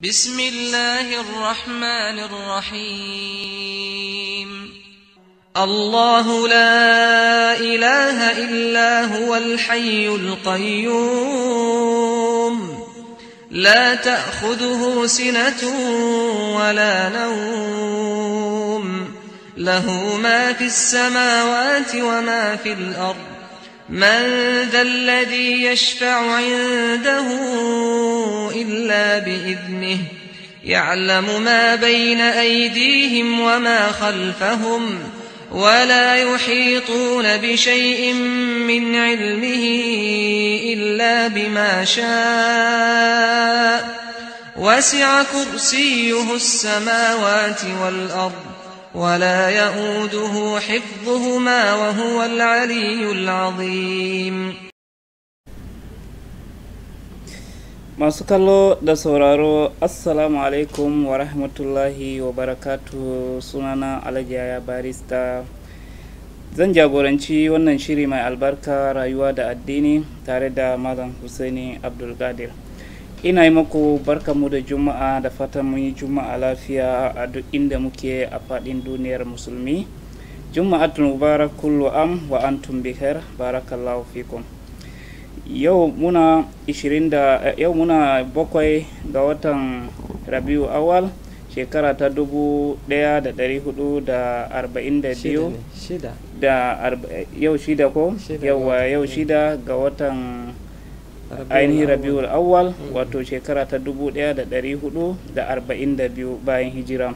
بسم الله الرحمن الرحيم الله لا إله إلا هو الحي القيوم لا تأخذه سنة ولا نوم له ما في السماوات وما في الأرض من ذا الذي يشفع عنده إلا بإذنه يعلم ما بين أيديهم وما خلفهم ولا يحيطون بشيء من علمه إلا بما شاء وسع كرسيه السماوات والأرض ولا يؤوده حفظهما وهو العلي العظيم masu kallo da sauraro assalamu alaikum wa rahmatullahi wa barakatu sunana alhaji barista zan jagoranci wannan shiri mai albarka rayuwa da addini tare da malam husaini abdulkadir ina yi muku mu da juma'a da fata mun yi juma'a lafiya a duk inda muke a fadin duniyar musulmi juma'atun mubarak kullu am wa antum bihar barakallahu fikum yau muna yau muna bakwai ga watan rabiu awal shekara ta 1442 da yau shida ko yau shida ga watan ainihin rabiul awwal wato shekara ta 1442 bayan hijira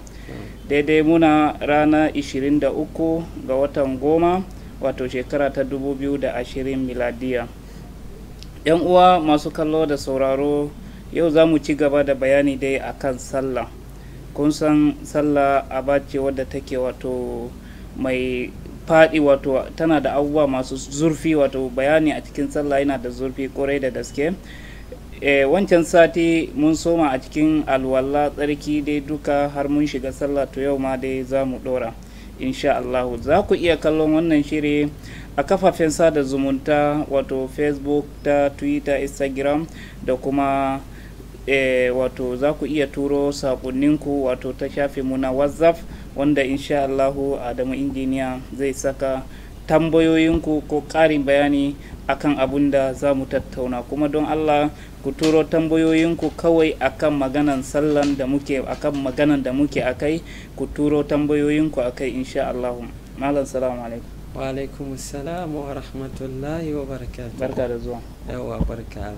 daidai muna rana 23 ga watan goma wato shekara ta 2020 miladiya yan uwa masu kallo da sauraro yau za mu ci gaba da bayani dai a kan sallah kun san sallah a ce wadda take wato mai faɗi wato tana da abubuwa masu zurfi wato bayani a cikin sallah yana da zurfi kwarai da gaske e, wancan sati mun soma a cikin alwala tsarki dai duka har mun shiga sallah to yau ma dai za mu ɗora insha Allahu za ku iya kallon wannan shiri a kafafen sada zumunta wato facebook ta twitter instagram da kuma e, wato za ku iya turo saƙonninku wato ta shafi mu na whatsapp wanda insha Allahu Adamu injiniya zai saka tambayoyinku ko ƙarin bayani akan abun da za mu tattauna kuma don Allah ku turo tambayoyinku kawai akan maganan sallan da muke akan maganan da muke akai ku turo tambayoyinku akai insha Allahu malam salamu alaikum wa alaikum assalam wa rahmatullahi wa barakatuh barka da zuwa yawa barka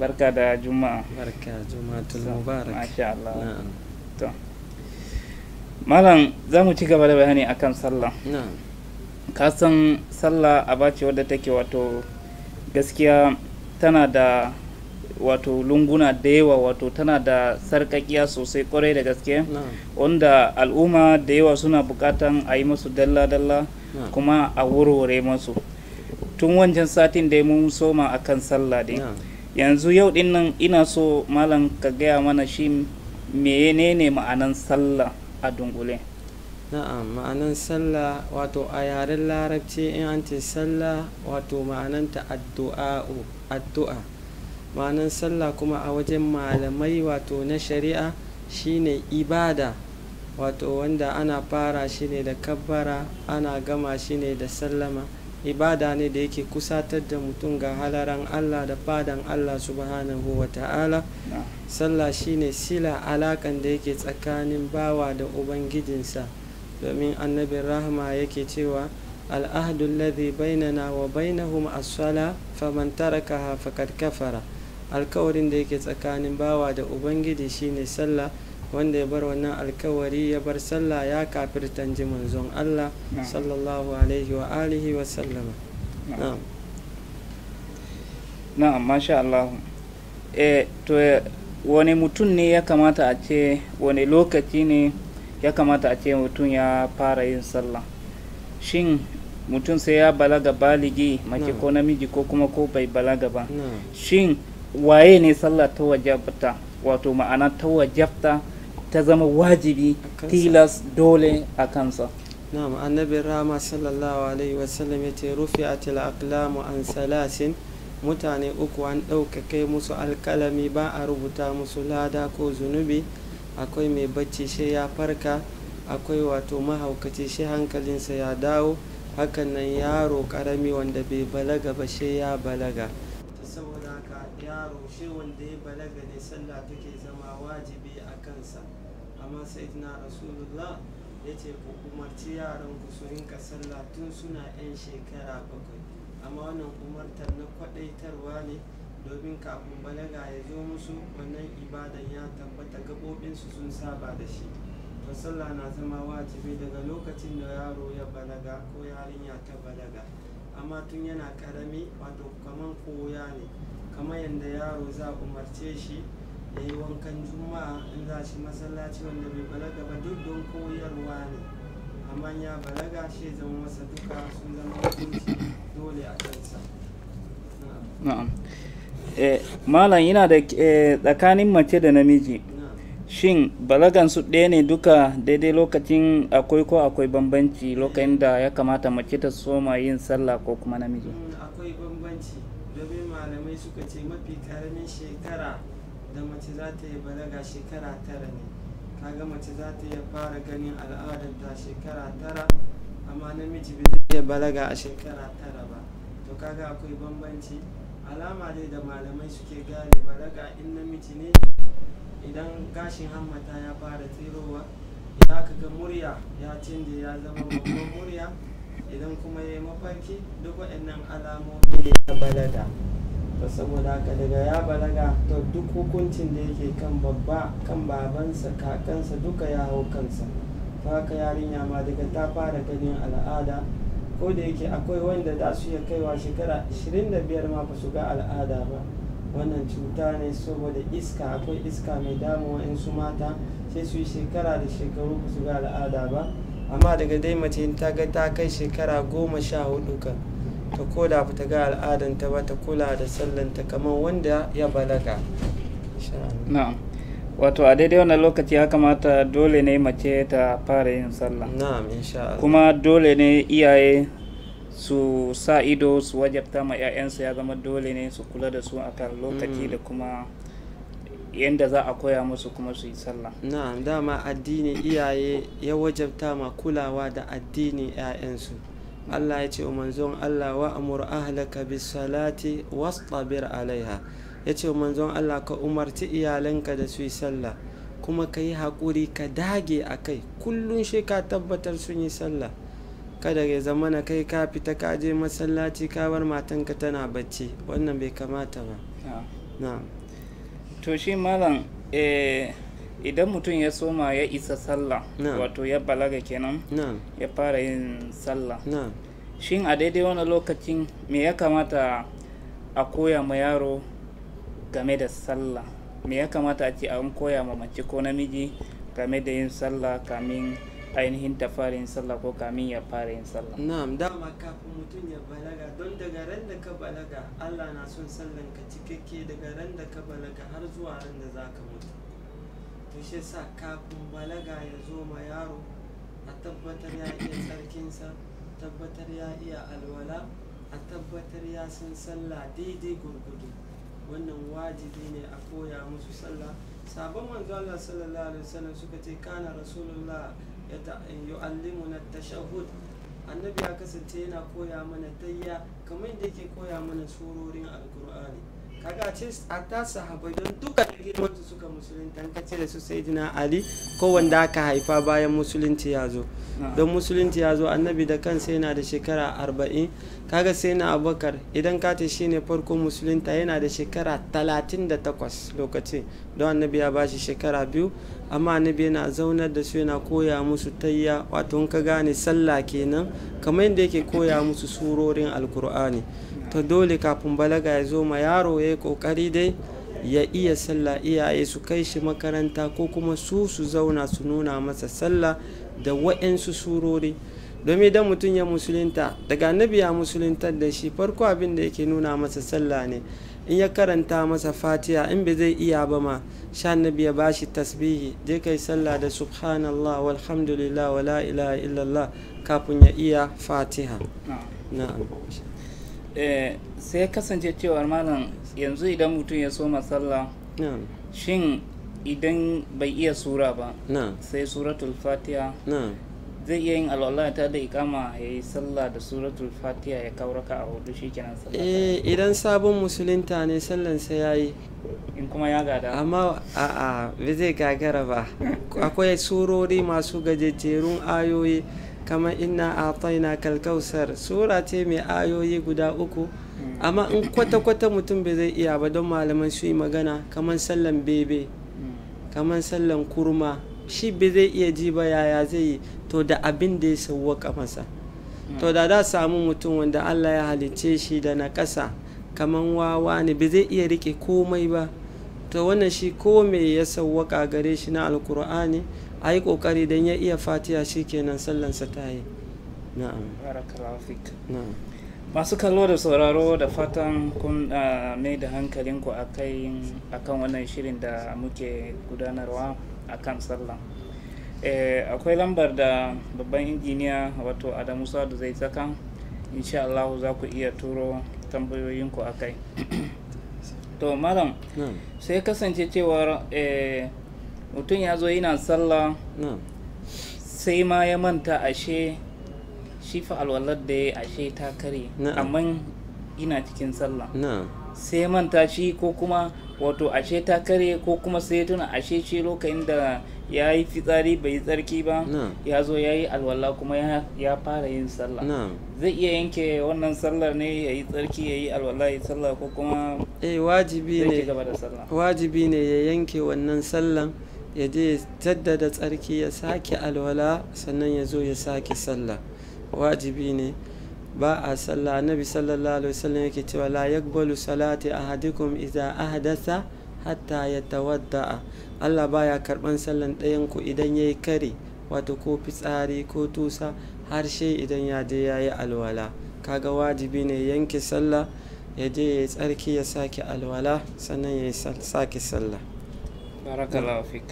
barka da juma'a barka juma'atul mubarak masha Allah malam za mu ci gaba da bayani akan sallah ka san sallah a ce wadda take wato gaskiya tana da wato lunguna da yawa wato tana da sarkakiya sosai kwarai da gaske wanda al'umma da yawa suna bukatan a yi masu dalla-dalla kuma a wurware masu tun wancan satin da mun soma akan sallah dai yanzu yau din nan ina so malam ka gaya mana shi menene ma'anan sallah a dunkule na'am ma'anan sallah wato a yaren larabci in an ce sallah wato ma'anan ta addu'a ma'anan sallah kuma a wajen malamai wato na shari'a shine ibada wato wanda ana fara shi ne da kabbara ana gama shi ne da sallama ibada ne da yake kusatar da mutum ga halaran Allah da fadan Allah subhanahu wa ta'ala sallah shine sila alakan da yake tsakanin bawa da ubangijinsa domin annabin rahama yake cewa al'ahdu alladhi bainana wa bainahum as-sala faman tarakaha kafara alkawarin da yake tsakanin bawa da ubangiji shine sallah wanda ya bar wannan alkawari ya bar sallah ya kafirtan ji manzon Allah sallallahu alaihi wa alihi wa sallama na'am na'am masha Allah eh to eh, wani mutum ne ya kamata a ce wani lokaci ne ya kamata a ce mutum ya fara yin sallah shin mutum sai ya balaga baligi mace ko namiji ko kuma ko bai balaga ba shin waye ne sallah ta wajabta wato ma'ana ta wajabta ta zama wajibi tilas dole a kansa na'am rama sallallahu alaihi wasallam rufi a aqlamu an salasin mutane uku an ɗaukake musu alkalami ba a rubuta musu lada ko zunubi akwai mai bacci shi ya farka akwai wato mahaukaci shi hankalinsa ya dawo hakan nan yaro karami wanda bai balaga ba shi ya balaga saboda yaro shi wanda ya balaga ne sallah take zama wajibi a kansa amma sai na rasulullah ya ce ku umarci yaran ku su rinka sallah tun suna 'yan shekara bakwai amma wannan umartar na kwadaitarwa ne domin kafin balaga ya zo musu wannan ibadan ya tabbata gaɓoɓinsu sun saba da shi fasalla na zama wajibi daga lokacin da yaro ya balaga ko yarinya ta balaga amma tun yana karami wato kaman koya ne kamar yadda yaro za umarce shi ya yi wankan juma'a in za shi masallaci wanda bai balaga ba duk don koyarwa ne amma ya balaga shi zama masa duka sun zama hukunci dole a kansa na'am eh, malam yana da eh, tsakanin mace da namiji shin balagan su ɗaya ne duka daidai lokacin akwai ko akwai bambanci lokacin da ya kamata mace ta soma yin sallah ko kuma namiji mm, akwai bambanci domin malamai suka ce mafi karamin shekara da mace za ta yi balaga shekara tara ne kaga mace za ta iya fara ganin al'adar ta shekara tara amma namiji bai zai iya balaga a shekara tara ba to kaga akwai bambanci alama dai da malamai suke gane balaga in namiji ne idan gashin hammata ya fara tsirowa ya ga murya ya canje ya zama babban murya idan kuma ya yi mafarki duk waɗannan alamomi ne na balaga saboda haka daga ya balaga to duk hukuncin da yake kan babba kan babansa kakansa duka ya hau kansa ta haka yarinya ma daga ta fara ganin al'ada ko da yake akwai wanda za su iya kaiwa shekara 25 ma ba su ga al'ada ba wannan cuta ne saboda iska akwai iska mai damuwa in su mata sai su yi shekara da shekaru ba su ga al'ada ba amma daga dai mace ta ga ta kai shekara goma sha hudu kan ta koda ba ta ga al'adanta ba ta kula da sallanta kamar wanda ya balaga na'am wato a daidai wannan lokaci ya kamata dole ne mace ta fara yin sallah na'am insha kuma dole ne iyaye su sa ido su wajabta ma 'ya'yansu ya zama dole ne su kula da su a kan lokaci mm. da kuma yadda za a koya musu kuma su yi sallah na'am dama addini iyaye ya wajabta ma kulawa da addini 'ya'yansu Allah ya ce wa manzon Allah wa amur ahlaka bi salati wastabir alaiha ya ce wa manzon Allah ka umarci iyalanka da su yi sallah kuma ka yi haƙuri ka dage a kai kullum shi ka tabbatar sun yi sallah kada ya zama na kai ka fita ka je masallaci ka bar matanka tana bacci wannan bai kamata ba na to shi malam eh idan mutum ya soma ya isa sallah wato ya balaga kenan ya fara yin sallah shin a daidai wani lokacin me ya kamata a koya ma yaro game da sallah me ya kamata a ce an koya ma mace ko namiji game da yin sallah kamin ainihin ta fara yin sallah ko kamin ya fara yin sallah na'am dama kafin mutum ya balaga don daga ran da ka balaga Allah na son sallan ka cikakke daga ran da ka balaga har zuwa ran da zaka mutu tushe sa kafin balaga ya zo ma yaro a tabbatar ya iya tsarkinsa tabbatar ya iya alwala a tabbatar ya san sallah daidai gurgudu wannan wajibi ne a koya musu sallah sabon manzo Allah sallallahu alaihi wasallam suka ce kana rasulullah yu'allimuna tashahhud annabi ya kasance yana koya mana tayya kamar da yake koya mana surorin alkur'ani kaga ce a ta sahabai don duka da girman su suka musulunta ka ce da su saidina ali ko wanda aka haifa bayan musulunci ya zo don musulunci ya zo annabi da kansa yana da shekara arba'in kaga sai na abubakar idan ka ce shine farko musulunta yana da shekara talatin da takwas lokaci don annabi ya bashi shekara biyu amma annabi yana zaunar da su yana koya musu tayya wato ka gane sallah kenan kamar yadda yake koya musu surorin alkur'ani ta dole kafin balaga ya zo ma yaro ya yi kokari dai ya iya sallah iyaye su kai shi makaranta ko kuma su su zauna su nuna masa sallah da wa'yansu surori domin idan mutum ya musulunta daga annabi ya musuluntar da shi farko abin da yake nuna masa sallah ne in ya karanta masa fatiha in ba zai iya ba ma sha annabi ya bashi tasbihi je kai sallah da subhanallah walhamdulillah wala ilaha illallah kafin ya iya fatiha na'am Eh, sai kasance cewar malam yanzu idan mutum ya so masalla shin idan bai iya sura ba sai suratul fatiha zai iya yin alwala ta da ikama ya yi sallah da suratul fatiha ya kauraka a hudu shi kenan sallah eh, idan sabon musulunta ne sallan ya yi in kuma ya gada amma a'a bai zai gagara ba akwai surori masu gajejjerun ayoyi kamar ina a taina kalkausar sura ce mai ayoyi guda uku hmm. amma in kwata-kwata mutum bai zai iya ba don malaman su yi magana kamar sallan bebe hmm. kamar sallan kurma shi bai zai iya ji ba yaya zai yi to da abin da ya sauwaka masa hmm. to da da samu mutum wanda allah ya halicce shi da na ƙasa kamar wawa ne bai zai iya rike komai ba to wannan shi ko mai ya sauwaka gare shi na alkur'ani a yi ƙoƙari don ya iya fatiya shi kenan sallansa ta yi na'am masu kallo da sauraro da fatan kun ah, mai da hankalinku a kan wannan shirin da muke gudanarwa a kan sallan eh, akwai lambar da babban injiniya wato adamu sadu zai saka insha Allah za ku iya turo tambayoyinku a kai to malam sai kasance cewar eh, mutum ya zo yana sallah sai ma ya manta ashe shi fa alwalar da ya ashe ta kare amma ina cikin sallah sai manta shi ko kuma wato ashe ta kare ko kuma sai tuna ashe shi lokacin da ya yi fitsari bai yi tsarki ba ya zo ya yi alwala kuma ya fara yin sallah zai iya yanke wannan sallar ne ya yi tsarki ya yi alwala ya yi sallah ko kuma eh wajibi ne wajibi ne ya yanke wannan sallan ya je jaddada tsarki ya sake alwala sannan ya zo ya sake sallah wajibi ne ba a sallah annabi sallallahu alaihi wasallam yake cewa la yaqbalu salati ahadikum idza ahdatha hatta yatawadda Allah baya karban sallan ɗayan ku idan yayi kare wato ko fitsari ko tusa har sai idan ya je yayi alwala kaga wajibi ne yanke sallah ya je ya tsarki ya sake alwala sannan ya sake sallah barakallahu fik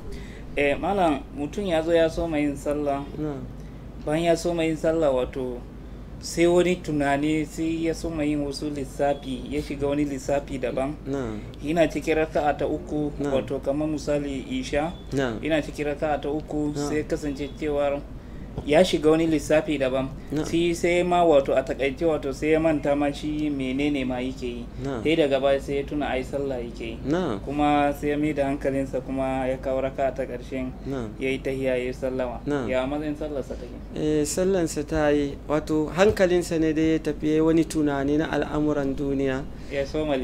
eh malam mutum ya zo ya soma yin sallah bayan ya soma yin sallah wato sai wani tunani sai ya soma yin wasu lissafi ya shiga wani lissafi daban yana cikin a ta uku wato kamar misali isha yana cikin raka'a ta uku sai kasance cewar ya shiga wani lissafi daban shi sai ma wato a takaice wato sai ya manta ma shi menene ma yake yi sai daga ba sai ya tuna ai sallah yake yi kuma sai ya mai da hankalinsa kuma ya kawo raka ta karshen ya yi ta hiyaye sallama ya matsayin sallarsa ta yi eh, sallansa ta yi wato hankalinsa ne dai ya tafi wani tunani na al'amuran duniya ya soma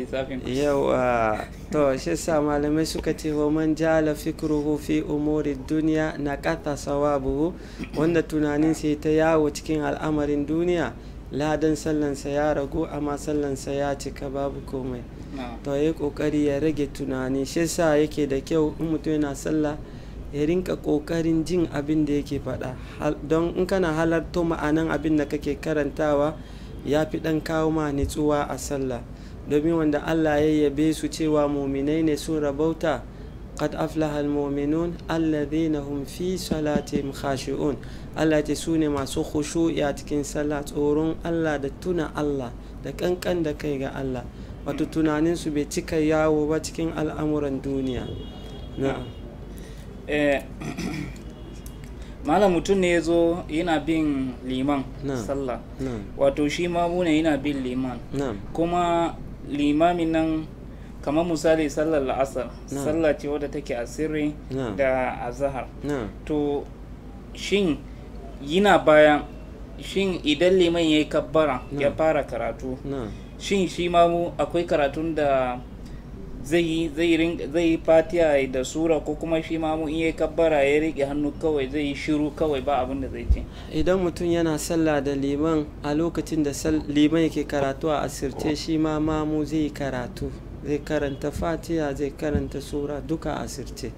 yawa to shi sa malamai suka ce wa man jala fikruhu fi umuri duniya na kata sawabuhu wanda tunanin sai ta yawo cikin al'amarin duniya ladan sallansa ya ragu amma sallansa ya cika babu komai to ya kokari ya rage tunani shi sa yake da kyau in mutum yana sallah ya rinka kokarin jin abin da yake faɗa don in kana halarta ma'anan abin da kake karantawa ya fi ɗan kawo ma nitsuwa a sallah domin wanda Allah ya yabe su cewa muminai ne sun rabauta qad aflaha almu'minun alladhina hum fi salatihim khashi'un Allah ce su ne masu khushu'i a cikin sallah tsoron Allah da tuna Allah da kankan da kai ga Allah wato tunanin su bai cika yawo ba cikin al'amuran duniya eh, malam mutum ne ya zo yana bin liman sallah wato shi mamuna yana bin liman kuma limamin nan kamar misali sallar la'asar sallah ce wadda take sirri da azahar to shin yana baya shin idan liman ya yi kabbara ya fara karatu shin shi mamu akwai karatun da zai yi zai fatiya da sura ko kuma shi ma mun yi kabbara ya rike hannu kawai zai yi shiru kawai ba abin da zai ce idan mutum yana sallah da liman a lokacin da liman yake karatu a asirce shi ma mamu zai karatu zai karanta fatiya zai karanta sura duka asirce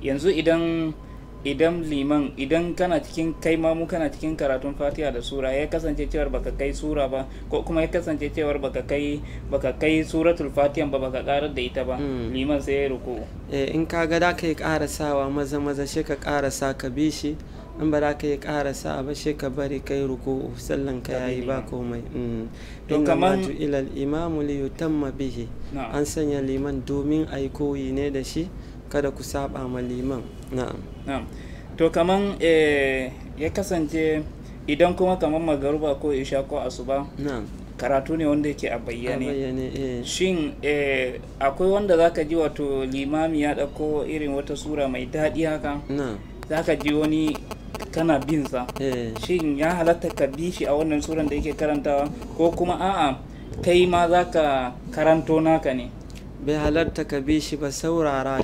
yanzu idan idan liman idan kana cikin kai mu kana cikin karatun fatiha da sura ya kasance cewar baka kai sura ba ko kuma ya kasance cewar baka kai baka kai suratul fatiha ba baka karar da ita ba hmm. liman sai ya ruku eh in ka ga da ka yi karasawa maza maza she ka karasa ka bi shi in ba da ka yi karasa ba she ka bari kai ruku sallan ka yayi ba komai hmm. to kaman ilal imamu li yutamma bihi an sanya liman domin ai koyi ne da shi kada ku saba ma liman na'am to kaman eh, ya kasance idan kuma kaman magaruba ko isha ko asuba karatu ne wanda yake a bayyane eh. shin eh, akwai wanda zaka ji wato limami ya ɗauko irin wata sura mai daɗi haka zaka ji wani kana bin sa shin ya halatta ka bi shi a wannan suran da yake karantawa ko kuma a'a kai ma zaka karanto naka ne bai halarta ka bi shi ba saurara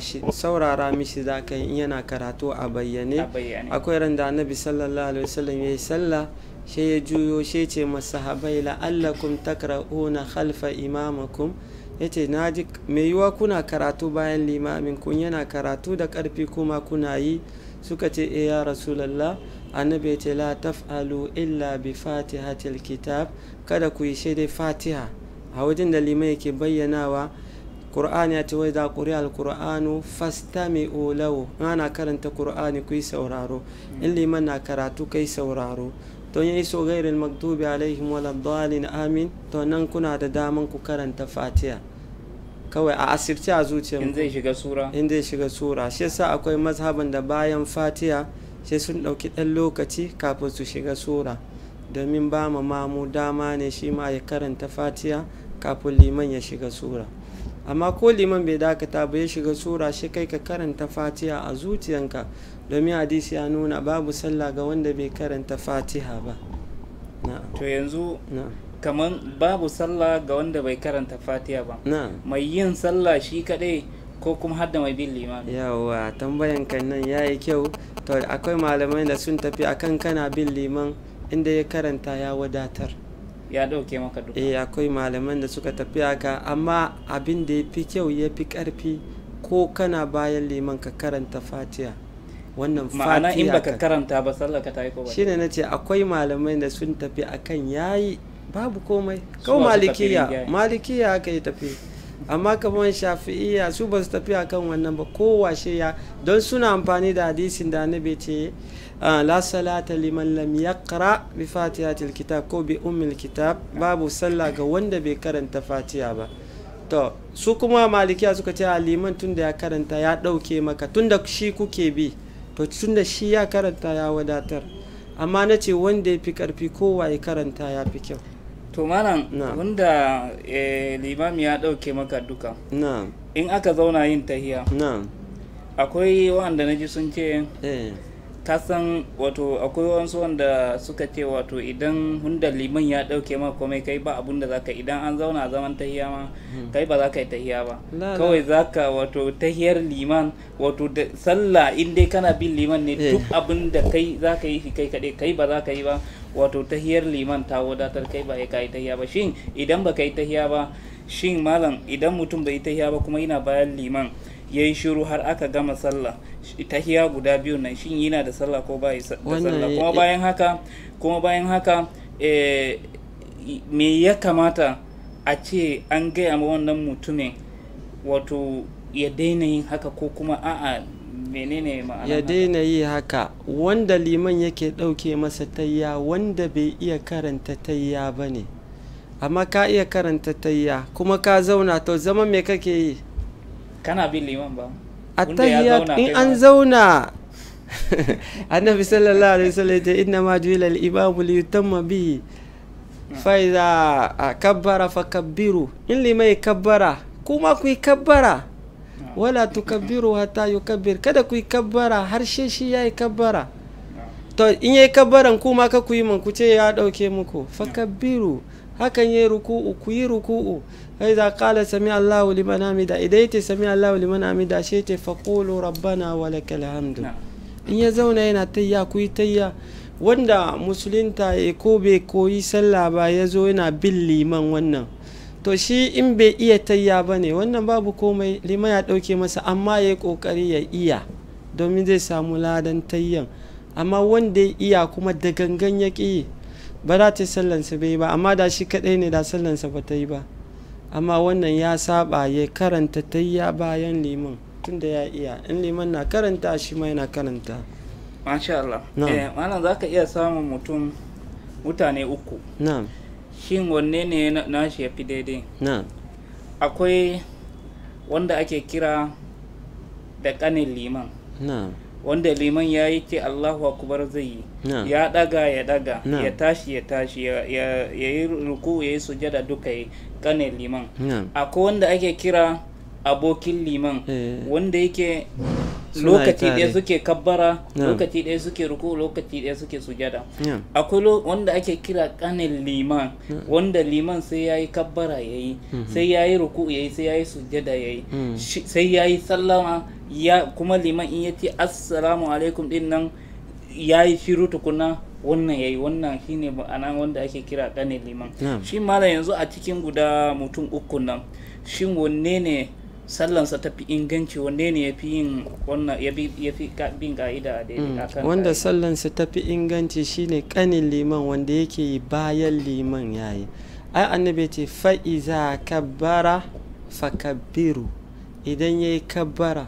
mishi za ka yi yana karatu a bayyane akwai ran da annabi sallallahu alaihi wasallam ya yi sallah shi ya juyo shi ce masahabai la'allakum takra'una khalfa imamakum yace na ji mai yiwa kuna karatu bayan limamin kun yana karatu da karfi kuma kuna yi suka ce e ya rasulallah annabi ce la taf'alu illa bi fatihatil kitab kada ku yi shaidai fatiha a wajen da limai yake bayyanawa qur'ani ya ce wai za ƙuri alƙur'anu fastami olawo ana karanta qur'ani ku yi sauraro in liman na karatu kai sauraro to ya iso gairin maktubi alaihim wala dalin amin to nan kuna da daman ku karanta fatiha kawai a asirci a zuciya in zai shiga sura in zai shiga sura shi yasa akwai mazhaban da bayan fatiha sai sun ɗauki ɗan lokaci kafin su shiga sura domin ba ma mamu dama ne shi ma ya karanta fatiya kafin liman ya shiga sura amma ko liman bai dakata ba ya shiga sura shi kai ka karanta fatiha a zuciyanka domin hadisi ya nuna babu sallah ga wanda bai karanta fatiha ba to yanzu kamar babu sallah ga wanda bai karanta fatiha ba mai yin sallah shi kadai ko kuma har da mai bin limami yawa tambayan kan nan ya yi kyau to akwai malamai da sun tafi akan kana bin liman inda ya karanta ya wadatar ya dauke maka duka eh akwai malaman da suka tafi haka amma abin da ya fi kyau ya fi karfi ko kana bayan liman ka karanta fatiha wannan fatiha ma'ana in baka karanta ba sallar ka tayi ko ba shine nace akwai malamai da sun tafi akan yayi babu komai kawai malikiya malikiya aka yi tafi amma kamar shafi'iya su ba su tafi akan wannan ba kowa ya don suna amfani da hadisin da annabi ce Lasalata salata liman lam yaqra bi fatihatil kitab ko bi ummil kitab babu sallah ga wanda bai karanta fatiha ba su kuma malikiya suka ce liman tunda ya karanta ya dauke maka tunda shi kuke bi tunda shi ya karanta ya wadatar amma na ce wanda ya fi karfi kowa karanta ya fi kyau to malam wanda limam ya dauke maka duka in aka zauna yin tahiya akwai wanda na ji sun ce kasan wato akwai wasu wanda suka ce wato idan hundar liman ya dauke ma komai kai ba abun da zaka idan an zauna zaman tahiya ma hmm. kai ba zaka yi tahiya ba kawai zaka wato tahiyar liman wato da sallah in dai kana bin liman ne eh. duk abun da kai zaka yi shi kai kadai kai ba zaka yi ba wato tahiyar liman ta wadatar kai ba ka yi tahiya ba shin idan baka yi tahiya ba shin malam idan mutum bai yi tahiya ba kuma yana bayan liman ya yi shiru har aka gama sallah tahiya guda biyu nan shin yana da sallah ko ba da sallah kuma bayan haka kuma bayan haka eh, me ya kamata a ce an gaya ma wannan mutumin wato ya daina yin haka ko kuma a'a menene ma'ana ya daina yi haka wanda liman yake ɗauke masa tayya wanda bai iya karanta tayya ba ne amma ka iya karanta tayya kuma ka zauna to zama me kake yi kana bin liman ba attahiyat in an zauna annabi sallallahu alaihi wasallam ta inna ma ju'ila al-imamu li yutamma bi hmm. fa idza kabbara kabbiru in limai kabbara kuma ku kabbara hmm. wala tukabbiru hatta yukabbir kada ku kabbara har shi shi yayi kabbara hmm. to in yayi kabbaran kuma ka ku yi mun ku ce ya dauke muku fa kabbiru hakan yi ruku'u ku yi ruku'u kai za kala sami Allahu liman hamida idan yace sami Allahu liman amida shi yace faqulu rabbana walakal hamdu in ya zauna yana tayya ku yi tayya wanda musulunta ya ko bai koyi sallah ba ya zo yana bin liman wannan to shi in bai iya tayya ba ne wannan babu komai liman ya ɗauke masa amma ya yi ƙoƙari ya iya domin zai samu ladan tayyan amma wanda ya iya kuma da gangan ya ƙi ba za ta yi sallansa bai ba amma da shi kadai ne da sallansa ba ta yi ba amma wannan ya saba ya karanta ta ya bayan liman tunda ya iya in liman na karanta shi ma yana karanta masha Allah eh, malam za ka iya samun mutum mutane uku shin wanne ne na shi ya fi daidai akwai wanda ake kira da kanin liman wanda liman ya yi ce Allahu akbar zai yi ya daga ya daga ya tashi ya tashi ya yi ruku ya yi sujada duka yi kane liman akwai wanda ake kira abokin liman eh. wanda yake lokaci ɗaya suke kabbara lokaci ɗaya suke ruku lokaci ɗaya suke sujada akwai wanda ake kira kanin liman wanda liman sai ya yi kabbara ya yi mhm. sai ya yi ruku ya yi sai ya yi sujada ya yi mhm. sai ya yi sallama ya kuma liman in ya ce assalamu alaikum ɗin nan ya yi shiru tukuna wannan ya yi wannan shine ma'ana wanda ake kira kanin liman shi malam yanzu a cikin guda mutum uku nan shin wanne ne sallansa ta fi inganci wanda ne ya fi yin ya fi bin ka'ida mm. a kan wanda sallansa ta fi inganci shine kanin liman wanda yake yi bayan liman yayi ai annabi ce fa'iza kabbara kabbiru idan ya yi kabbara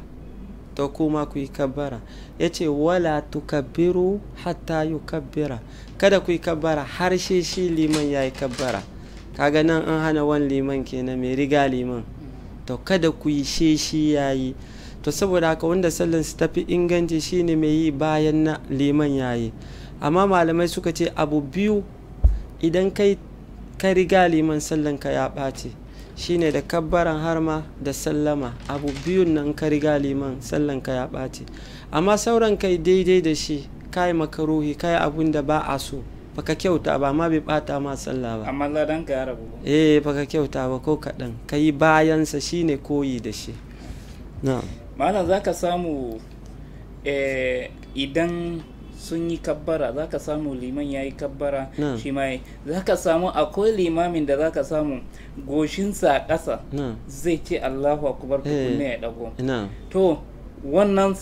to kuma ku yi kabbara ya ce wala kabbiru hatta yi kabbira kada ku yi kabbara har shi shi liman ya yi kabbara kaga nan an hana wani liman kenan mai riga liman to kada ku yi she shi yayi to saboda haka wanda sallan su tafi inganci shine mai yi bayan na liman yayi amma malamai suka ce abu biyu idan kai ka riga liman sallan ka ya ɓace shine da kabbaran harma da sallama abu biyun nan ka riga liman sallan ka ya ɓace amma sauran kai daidai da shi kai makaruhi kai abun da ba a so baka kyauta ba amma bai bata ma sallah ba amma dan ka ya rabu eh baka kyauta ba ko kaɗan kai bayan sa shine koyi da shi na'am malam zaka samu eh, idan sun yi kabbara za ka samu liman ya yi kabbara shi mai za ka samu akwai limamin da za ka samu goshinsa a ƙasa zai ce allahu ku eh. kunne ya Na. to wannan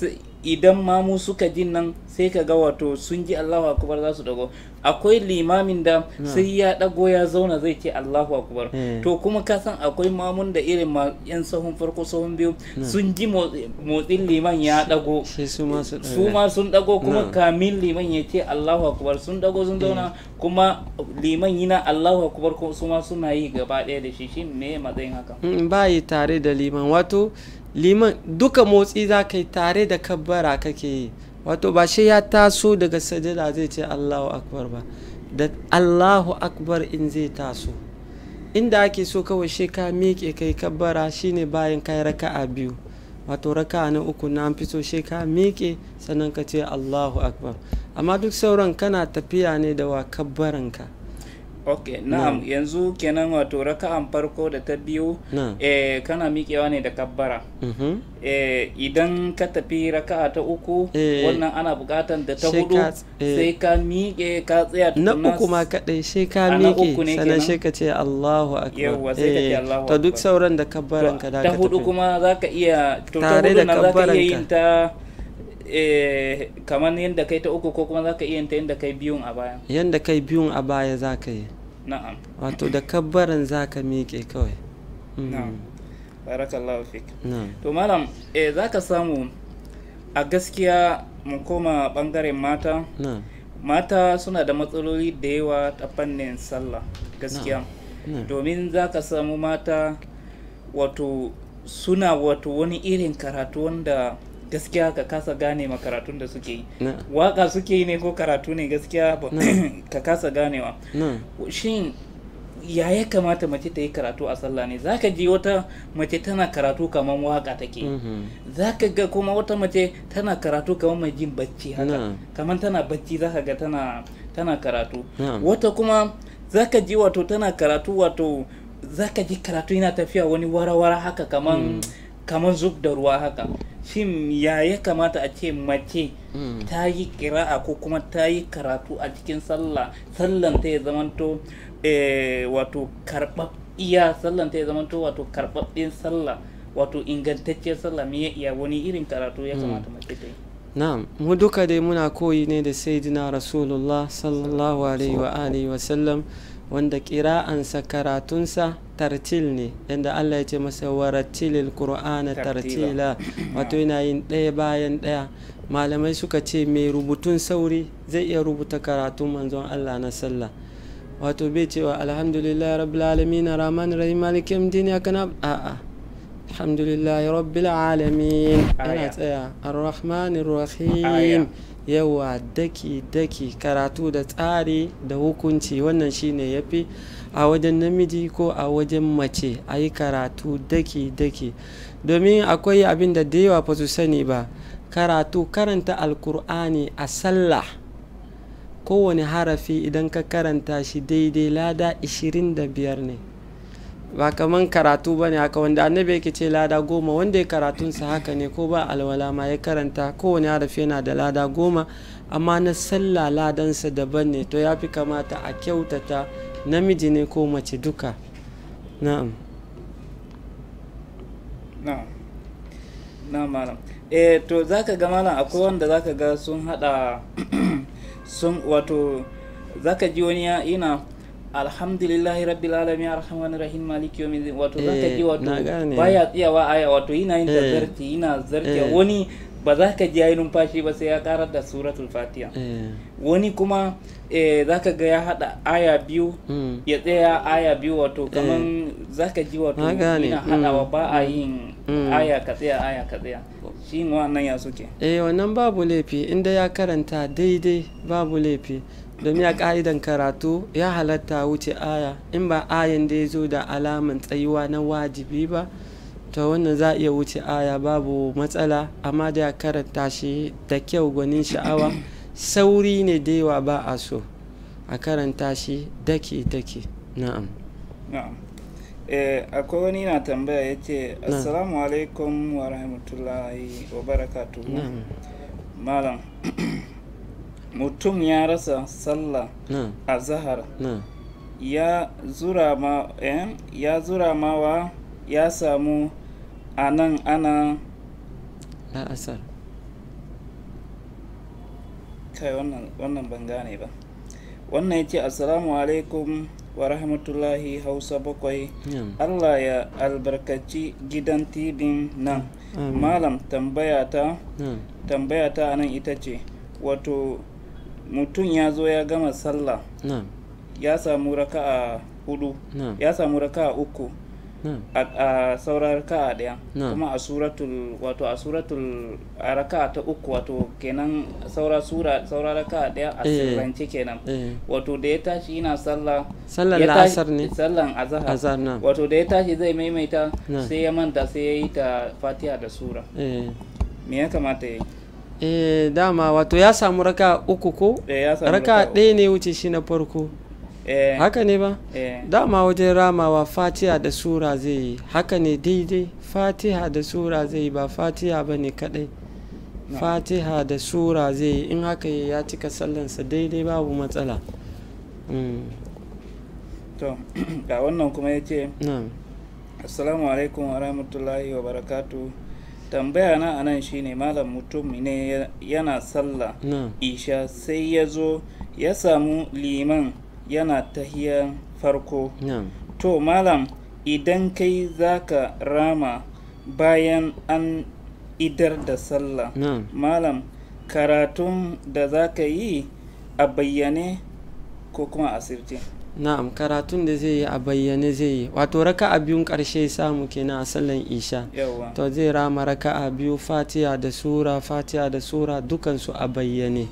idan ma mu suka jin nan sai ka ga wato sun ji Allahu akubar za su dago akwai limamin da sai ya dago ya zauna zai ce Allahu akubar eh. to kuma ka san akwai mamun da irin ma yan sahun farko sahun biyu sun ji motsin liman ya dago su ma sun dago kuma kamin liman ya ce Allahu akubar sun dago sun zauna eh. kuma liman yana Allahu akubar ko su ma suna yi gaba ɗaya da shi shi me matsayin haka mm, ba yi tare da liman wato liman duka motsi za ka yi tare da kabbara kake yi wato ba shi ya taso daga sajada zai ce allahu akbar ba da allahu akbar in zai taso inda ake so kawai shi ka miƙe kai kabbara shine bayan kai raka'a biyu wato raka'a na uku na fi so shi ka miƙe sannan ka ce allahu akbar amma duk sauran kana tafiya ne da wa kabbaranka ok na'am mm. yanzu kenan wato raka'an farko da ta biyu eh, kana miƙewa ne da kabbara mm-hmm. eh, idan ka tafi raka'a ta uku eh. wannan ana buƙatar da ta hudu eh. sai ka miƙe ka tsaya na uku ma kaɗai sai ka miƙe sannan sai ka ce Allahu akbar ta eh, duk sauran da kabbaran ka da ta hudu kuma za ka iya tare da kabbaran ka Eh, kamar yadda kai ta uku ko kuma za ka iya ta yadda kai biyun a baya yadda kai biyun a baya za ka yi na'am wato da kabbaran za ka miƙe kawai mm. na'am barakallahu fik to malam eh za ka samu a gaskiya mu koma bangaren mata mata suna da matsaloli da yawa ta fannin sallah gaskiya domin za ka samu mata wato suna wato wani irin karatu wanda gaskiya ka kasa gane makaratun da suke yi waka suke yi ne ko karatu ne gaskiya ka kasa ganewa shin ya ya kamata mace ta yi karatu a sallah ne za ka ji wata mace tana karatu kamar waka take mhm. Za ka ga kuma wata mace tana karatu kamar mai jin bacci haka kamar tana bacci za ka ga tana tana karatu wata kuma za ka ji wato tana karatu wato za ka ji karatu yana tafiya wani wara-wara haka kamar mm. kamar zub da ruwa haka shin ya ya kamata a ce mace hmm. ta yi kira'a ko kuma ta yi karatu a cikin sallah sallan ta ya zamanto eh, wato iya sallan ta ya zamanto wato din sallah wato ingantacciyar sallah me ya iya wani irin karatu ya hmm. kamata mace ta yi na'am mu duka dai muna koyi ne da saidina rasulullah sallallahu alaihi wa alihi wa sallam wanda ƙira'ansa karatunsa tartil ne yadda allah ya ce masa waratilil qur'ana tartila wato yana yin ɗaya bayan ɗaya malamai suka ce mai rubutun sauri zai iya rubuta karatun manzon allah na sallah wato bai cewa alhamdulillah rabbil alamin rahman rahim malik yamdin ya kana a'a alhamdulillah rabbil alamin ana tsaya arrahmanir rahim yawa daki-daki karatu da tsari da hukunci wannan shine ya fi a wajen namiji ko a wajen mace a yi karatu daki-daki domin akwai abin da da yawa su sani ba karatu karanta alkur'ani a sallah kowane harafi idan ka karanta shi daidai lada 25 ne ba kaman karatu ba ne haka wanda annabi yake ce lada goma wanda ya karatunsa haka ne ko ba alwala ma ya karanta kowane harafi yana da lada goma amma na sallah ladansa daban ne to ya fi kamata a kyautata namiji ne ko mace duka na'am na'am malam eh to zaka ga malam akwai wanda zaka ga sun hada sun wato zaka ji wani yana alhamdulillahi rabbil alamin arhamani rahim maliki yawmin din wato zaka ji eh, wato baya tsayawa aya wato ina yin zarki eh. zarti yana zarti eh. wani ba za ka ji yi numfashi ba sai ya karar da suratul fatiha wani kuma za ka ga ya hada aya biyu hmm. ya tsaya aya biyu wato kaman za ka ji wato yana hadawa hmm. ba a yin hmm. aya ka tsaya aya ka tsaya shi wannan ya suke eh wannan babu laifi inda ya karanta daidai babu laifi domin a ka'idan karatu ya halatta wuce aya in ba ayan da ya zo da alaman tsayuwa na wajibi ba ta wannan za iya wuce aya babu matsala amma da ya karanta shi da kyau gwanin sha'awa sauri ne da yawa ba a so a karanta shi dake-dake na'am na'am eh, akwai wani na tambaya ya ce assalamu alaikum wa rahmatullahi wa barakatuhu malam mutum ya rasa sallah a zahar ya zura ma eh, ya ya samu a nan ana asar kai wannan ban gane ba wannan yake assalamu alaikum wa rahmatullahi hausa bakwai allah ya albarkaci gidan tibin nan malam tambayata a nan ita ce wato mutum ya zo ya gama sallah ya samu a hudu ya samu a uku a raka a daya kuma a suratul wato a suratul a raka ta uku wato kenan saura sura saura daya a eh. sirrance kenan eh. wato da ya tashi yana sallah sallan la'asar ne sallan azhar wato da ya tashi zai maimaita sai ya manta sai ya yi ta fatiha da sura eh. me ya kamata ya yi eh dama wato ya samu raka uku ko eh, raka ɗaya ne wuce shi na farko eh. haka ne ba eh. dama wajen ramawa fatiha da sura zai yi haka ne daidai fatiha da sura zai yi ba fatiha ba ne kaɗai fatiha da sura zai yi in haka ya cika sallansa daidai babu matsala mm. to ga wannan kuma ya ce assalamu alaikum wa rahmatullahi wa barakatuh tambaya na anan shine malam mutum ne yana sallah isha sai ya zo ya samu liman yana tahiyar farko to malam idan kai zaka rama bayan an idar da sallah malam karatun da zaka yi a bayyane ko kuma a sirje na'am karatun da zai yi a bayyane zai yi wato raka a biyun karshe samu kenan a sallan isha to zai rama raka a biyu fatiya da sura fatiya da sura dukansu a bayyane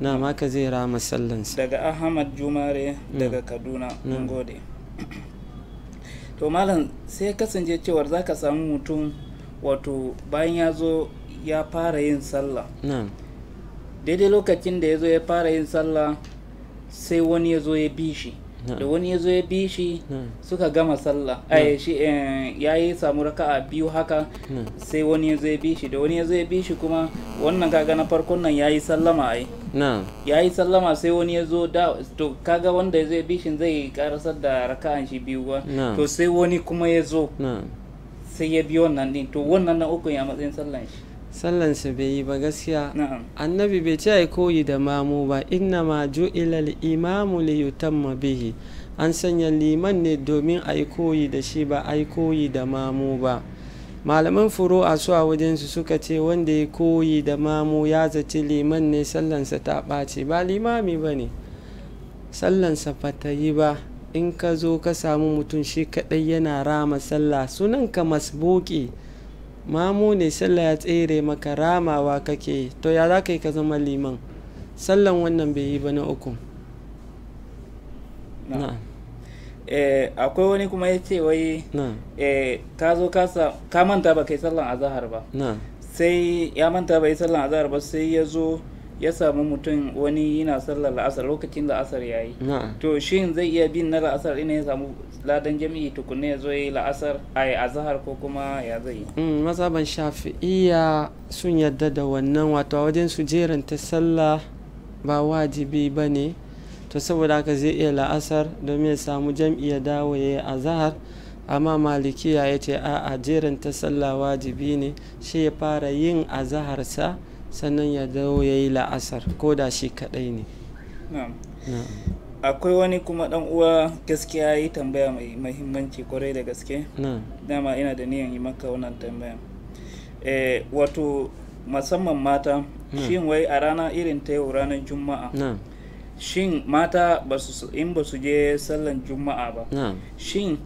na maka zai rama sallansu. daga ahmad jumare daga kaduna mun gode to malam sai kasance cewar za ka samu mutum wato bayan ya zo ya fara yin sallah daidai lokacin da ya zo ya fara yin sallah sai wani ya zo ya bi shi da wani ya zo ya bi shi suka gama sallah ai shi eh, ya yi samu raka'a biyu haka sai wani ya zo ya bi shi da wani ya zo ya bi shi kuma wannan kaga na farkon nan ya yi sallama ai ya yi sallama sai wani ya zo da to kaga wanda ya zo ya bi shi zai karasar da raka'an shi biyu ba to sai wani kuma ya zo sai ya bi wannan din to wannan na uku ya matsayin sallan shi sallansa bai yi ba gaskiya annabi bai ce ai koyi da mamu ba inna ma ilal imamu li yutamma bihi an sanya liman ne domin yi koyi da shi ba ai koyi da mamu ba malaman furo a su a wajensu suka ce wanda ya koyi da mamu ya zaci liman ne sallansa ta ɓace ba limami ba ne sallansa ba ta yi ba in ka zo ka samu mutum shi kaɗai yana rama sallah sunanka ka masboki mamu ne sallah ya tsere maka ramawa kake to ya za ka yi ka zama liman sallan wannan bai yi ba na uku eh, akwai wani kuma ya ce wai eh, ka zo ka manta ba kai sallan azahar ba sai ya manta ba yi sallan azahar ba sai ya zo ya samu mutum wani yana sallar la'asar lokacin la'asar ya yi to shin zai iya bin na la'asar ina ya samu ladan jami'i tukunne ya zo yi la'asar yi azahar ko kuma ya zai mm, mazhaban shafi'iya sun yadda da wannan wato a wajen su jeranta sallah ba wajibi ba ne to saboda haka zai iya la'asar domin ya samu jam'i ya dawo ya yi azahar amma malikiya ya ce a'a jeranta sallah wajibi ne shi ya fara yin azaharsa sannan ya dawo ya yi la'asar ko da shi kaɗai ne akwai wani kuma dan uwa gaskiya yi tambaya mai mahimmanci kwarai da gaske dama ina da niyan yi maka wannan tambaya eh, wato musamman mata shin wai a rana irin ta yau ranar juma'a shin mata in ba su je sallan juma'a ba shin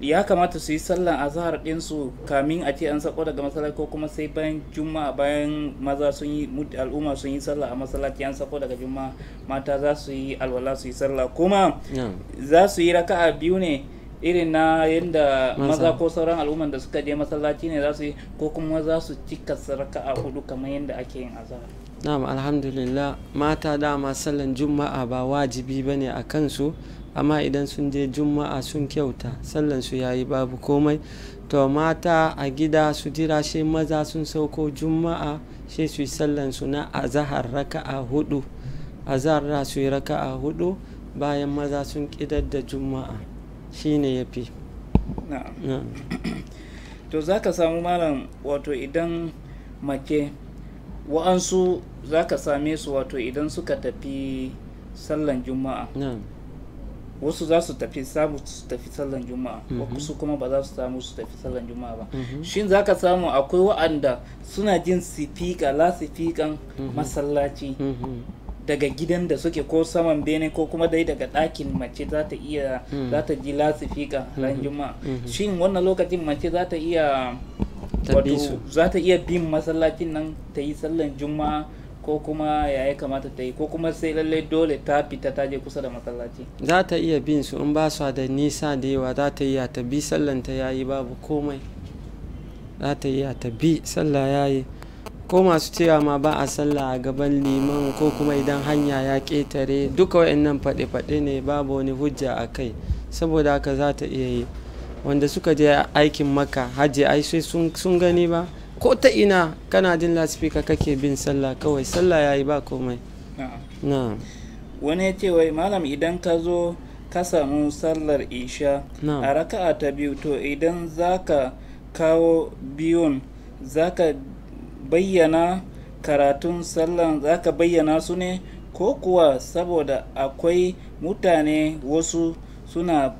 ya kamata su yi sallan azahar ɗinsu kamin a ce an sako daga masallaci ko kuma sai bayan juma'a bayan maza sun yi al'umma sun yi sallah a masallaci an sako daga juma'a mata za su yi alwala su yi sallah kuma za su yi raka'a biyu ne irin na yadda maza ko sauran al'umman da suka je masallaci ne za su yi ko kuma za su cika raka'a hudu kamar yadda ake yin azahar na'am alhamdulillah mata dama sallan juma'a ba wajibi bane a kansu amma idan sun je juma'a sun kyauta sallan su yayi babu komai to mata a gida su jira shi maza sun sauko juma'a shi su yi sallan su na azahar raka'a hudu azahar su yi raka'a hudu bayan maza sun kidar da juma'a shine yafi to za ka samu malam wato idan make wa'ansu za ka same su wato idan suka tafi sallan juma'a wasu za su tafi samu su tafi sallan juma'a mhm. wasu kuma ba za su samu su tafi sallan juma'a ba mhm. shin za ka samu akwai wa'anda suna jin sifika la sifikan mhm. masallaci daga gidan da suke ko saman bene ko kuma dai daga ɗakin mace za ta iya za ta ji lasifika ran juma'a shin wannan lokacin mace za ta iya za ta iya bin masallacin nan ta yi sallan juma'a ko kuma ya ya kamata ta yi ko kuma sai lallai dole ta fita ta je kusa da masallaci za ta iya bin su in ba su da nisa da yawa za ta iya ta bi sallan ta yayi babu komai za ta iya ta bi sallah yayi ko masu cewa ma ba a sallah a gaban liman ko kuma idan hanya ya ketare duka waɗannan faɗe-faɗe ne babu wani hujja a kai saboda haka za ta iya yi wanda suka je aikin maka hajji ai sai sun gani ba ko ta ina kana jin lasifika kake bin sallah kawai sallah ya yi ba komai wani ya ce wai malam idan ka zo ka samu sallar isha a raka'a ta biyu to idan za ka kawo biyun za ka bayyana karatun sallan ka bayyana su ne ko kuwa saboda akwai mutane wasu suna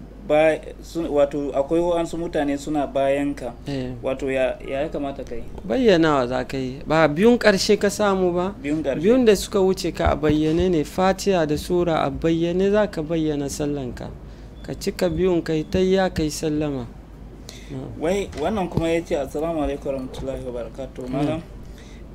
wato akwai wa'ansu mutane suna bayan ka eh. wato ya ya kamata kai bayyanawa za ka yi ba biyun karshe ka samu ba biyun da suka wuce ka a bayyane ne fatiha da sura a bayyane za ka bayyana sallanka ka cika biyun kai ta ya kai sallama wai wannan kuma ya ce assalamu alaikum warahmatullahi wabarakatuh hmm. malam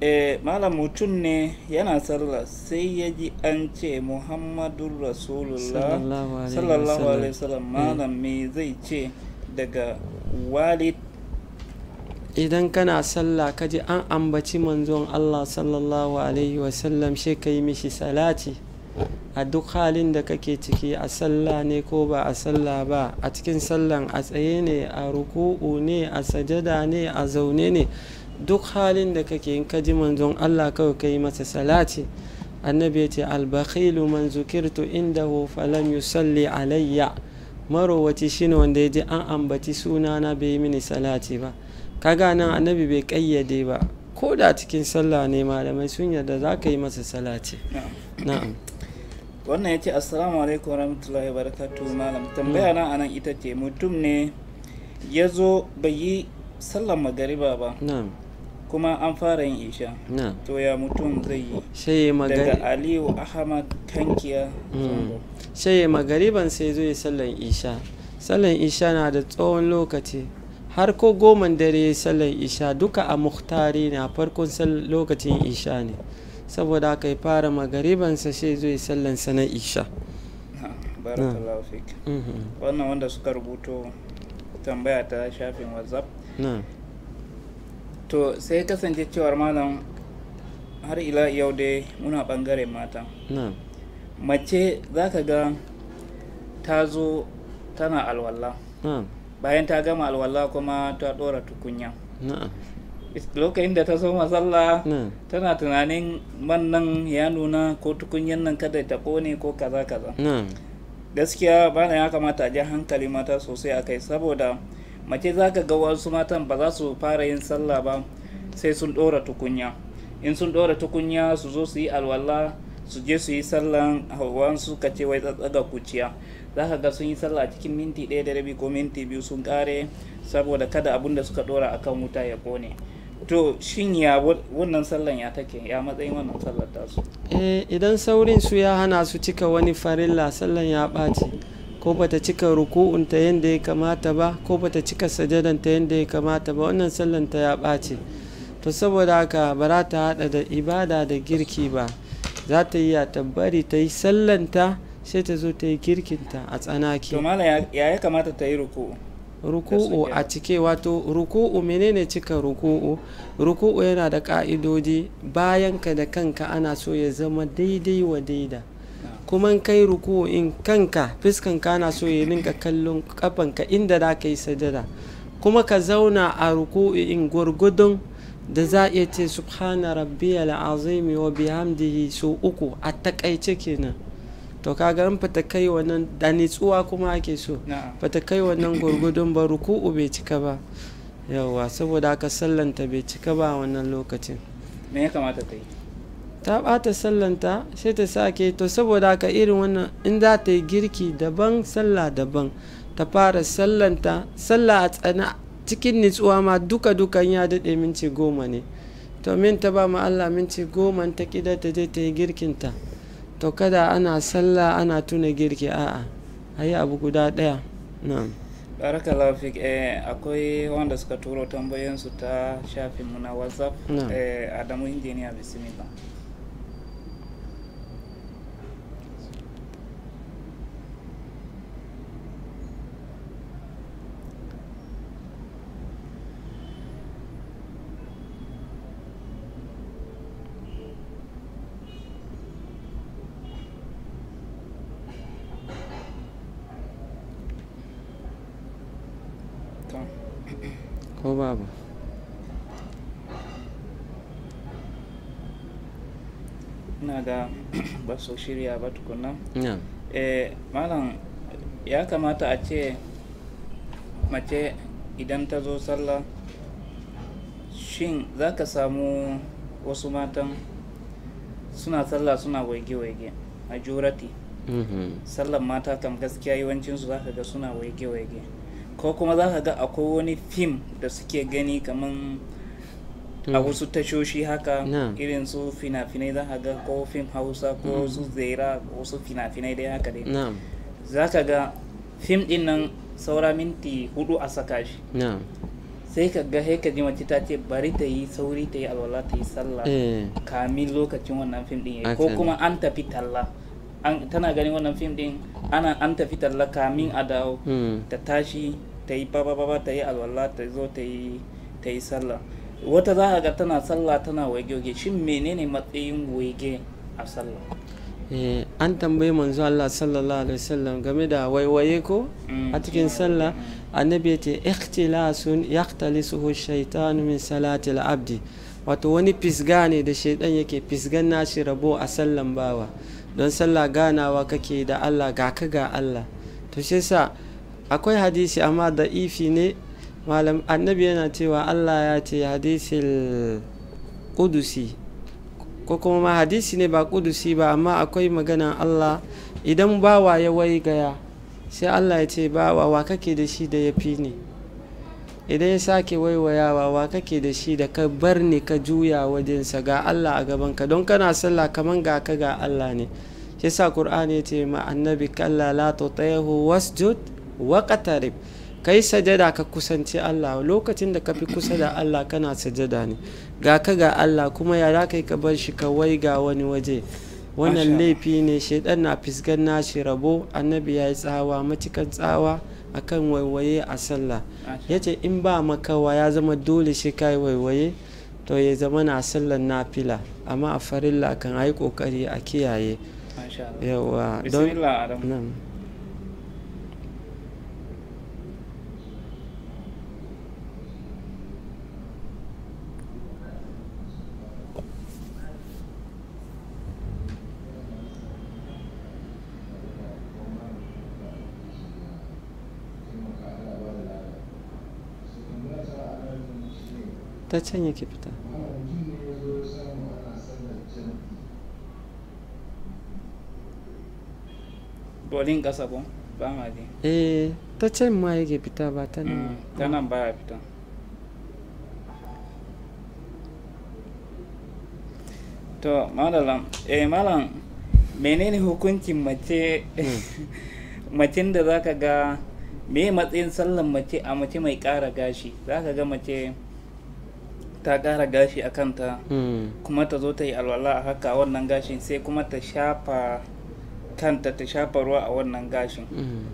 Eh, malam mutum ne yana sallah sai ya ji an ce muhammadun rasulullah sallallahu alaihi wasallam malam eh. me zai ce daga walid idan kana sallah ka ji an ambaci manzon allah sallallahu alaihi wasallam shi ka yi mishi salati a duk halin da kake ciki a sallah ne ko ba a sallah ba a cikin sallan a tsaye ne a ruku'u ne a sajada ne a zaune ne duk halin da kake in ka ji manzon Allah kawai yi masa salati annabi ya ce albakhilu man zukirtu indahu falam yusalli alayya marowaci shine wanda ya ji an ambaci sunana bai yi mini salati ba kaga nan annabi bai kayyade ba ko da cikin sallah ne malamai sun yarda za ka yi masa salati na'am wannan ya ce assalamu alaikum warahmatullahi wabarakatuh malam tambaya na anan ita ce mutum ne ya zo bai yi sallar magariba ba kuma an fara yin isha to ya mutum zai yi sai daga aliyu ahmad kankiya hmm. sai magariban sai zo yi sallan isha sallan isha na da tsawon lokaci har ko goman dare ya sallan isha duka a muhtari na farkon lokacin isha ne saboda aka yi fara magaribansa sai zo yi sallan sana isha mhm. wannan wanda suka rubuto tambaya ta shafin whatsapp to sai kasance cewar malam har ila yau dai muna bangaren mata mace za ka ga ta zo tana alwala bayan ta gama alwala kuma ta dora tukunya lokacin da ta zo sallah tana tunanin man nan ya nuna ko tukunyan nan kada ta kone ko kaza kaza gaskiya bana ya kamata a ji hankali mata sosai a kai saboda mace za ka ga wasu matan ba za su fara yin sallah ba sai sun ɗora tukunya in sun ɗora tukunya su zo su yi alwala su je su yi sallan hawan suka ce wai tsatsaga kuciya za ka ga sun yi sallah cikin minti ɗaya da rabi ko minti biyu sun kare saboda kada abun da suka ɗora kan wuta ya kone to shin ya wannan sallan ya take ya matsayin wannan sallar tasu eh idan saurin su ya hana su cika wani farilla sallan ya ɓaci ko bata cika ruku'unta yadda ya kamata ba ko bata cika sajadan ta yadda ya kamata ba wannan sallanta ya ɓace to saboda haka ba za ta haɗa da ibada da girki ba za ta yi a tabbari ta yi sallanta sai ta zo ta yi girkinta a tsanaki ruku'u ruku'u a cike wato ruku'u menene cika ruku'u ruku'u yana da ka'idodi bayan ka da kanka ana so ya zama daidai wa daida kuma kai ruku in kanka fiskan kana so ya ninka kallon kafanka inda za ka yi sajada kuma ka zauna a ruku in gwargwadon da za a ce subhana rabbi al'azimi wa bihamdihi so uku a takaice kenan to kaga in fata kai wannan da nitsuwa kuma ake so fata kai wannan gwargwadon ba ruku'u bai cika ba yawa saboda aka sallanta bai cika ba wannan lokacin me ya kamata ka yi ta bata sallanta sai ta sake to saboda haka irin wannan in za ta yi girki daban sallah daban ta fara sallanta sallah a tsana cikin nitsuwa ma duka dukan ya daɗe minci goma ne to min ta ba ma Allah minci goma ta kida ta je ta yi girkinta to kada ana sallah ana tuna girki a'a a yi abu guda ɗaya na'am baraka lafik eh, akwai wanda suka turo tambayoyinsu ta shafinmu na whatsapp no. Eh, adamu injiniya bisimila babu ina ga ba su shirya ba tukuna eh, malam ya kamata a ce mace idan ta zo sallah shin za ka samu wasu matan suna sallah suna waige-waige a jurati mhm. sallan mata kam gaskiya yawancinsu za ka ga suna waige-waige ko kuma za ka ga akwai wani fim da suke gani kamar a hmm. wasu tashoshi haka irin su fina-finai za ka ga ko fim hausa ko hmm. su ko wasu fina-finai dai haka dai za ka ga fim din nan saura minti hudu a saka shi sai ka ga haika ka ji mace ta ce bari ta yi sauri ta yi alwala ta yi sallah eh. kamin lokacin wannan fim din yayi ko kuma an tafi talla tana ganin wannan fim din ana an tafi talla kamin a dawo hmm. ta tashi ta yi baba ta yi alwala ta zo ta yi sallah wata za ga tana sallah tana wage-wage shin menene matsayin wage a sallah eh, an tambayi manzo Allah sallallahu alaihi wasallam game da waiwaye ko hmm. a cikin sallah annabi ya ce ikhtilasun yaqtalisuhu shaytan min salati al-abdi wato wani fisga ne da shaiɗan yake fisgan nashi rabo a sallan bawa don sallah ganawa kake da allah ga ka ga allah to shi sa akwai hadisi amma da ifi ne malam annabi yana cewa allah ya ce hadisil kudusi ko kuma hadisi ne ba kudusi ba amma akwai maganan allah idan bawa ya wai gaya sai allah ya ce bawa wa kake da shi da yafi ne idan ya sake waiwayawa wa kake da shi da ka bar ni ka juya wajensa ga Allah a gabanka don kana sallah kaman ga ka ga Allah ne shi sa Qur'ani ya ce ma annabi kalla la tutayhu wasjud wa qatarib kai sajada ka kusanci Allah lokacin da ka fi kusa da Allah kana sajada ne ga ka ga Allah kuma ya za ka bar shi ka wai ga wani waje wannan laifi ne ɗan na fisgan nashi rabo annabi ya yi tsawa matukan tsawa akan waiwaye a sallah ya ce in ba makawa ya zama dole shi kai waiwaye to ya zama na sallar nafila amma a farilla kan a yi kokari a kiyaye yawa don ta can yake fita bolin kasa ko ba ma dai eh ta can ma yake fita ba ta nan mm, ta nan fita to malam eh malam menene hukuncin mace hmm. macin da zaka ga me matsayin sallan mace a mace mai ƙara gashi zaka ga mace ta ƙara gashi a kanta hmm. kuma ta zo ta yi alwala a haka a wannan gashin sai kuma ta shafa kanta ta shafa ruwa a wannan gashin hmm.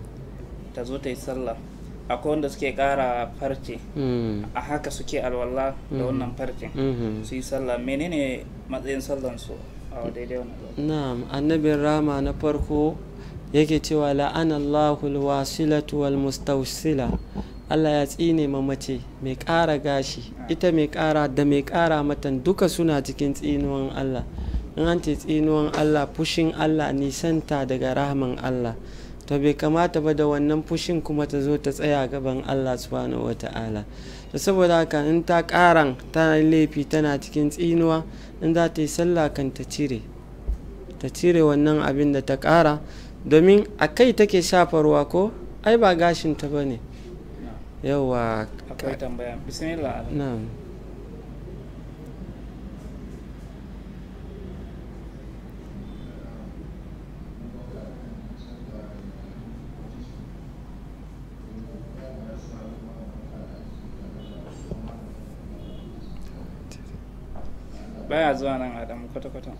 ta zo ta yi sallah akwai wanda suke ƙara farce hmm. a haka suke alwala da wannan farce. su yi sallah menene matsayin sallansu a daidai wannan na'am annabin rama na farko yake cewa la'anallahu wasilatu wal mustawsila Allah ya tsine ma mace mai ƙara gashi ita mai ƙara da mai ƙara matan duka suna cikin tsinuwan Allah in an ce tsinuwan Allah fushin Allah nisanta daga rahman Allah to bai kamata ba da wannan fushin kuma ta zo ta tsaya gaban Allah subhanahu wata'ala to saboda haka in ta karan ta laifi tana cikin tsinuwa in za ta yi sallah kan ta cire ta cire wannan abin da ta kara domin a kai take shafarwa ko ai ba gashinta ba ne yauwa akwai tambaya bismillah na'am baya zuwa nan adam kwata-kwata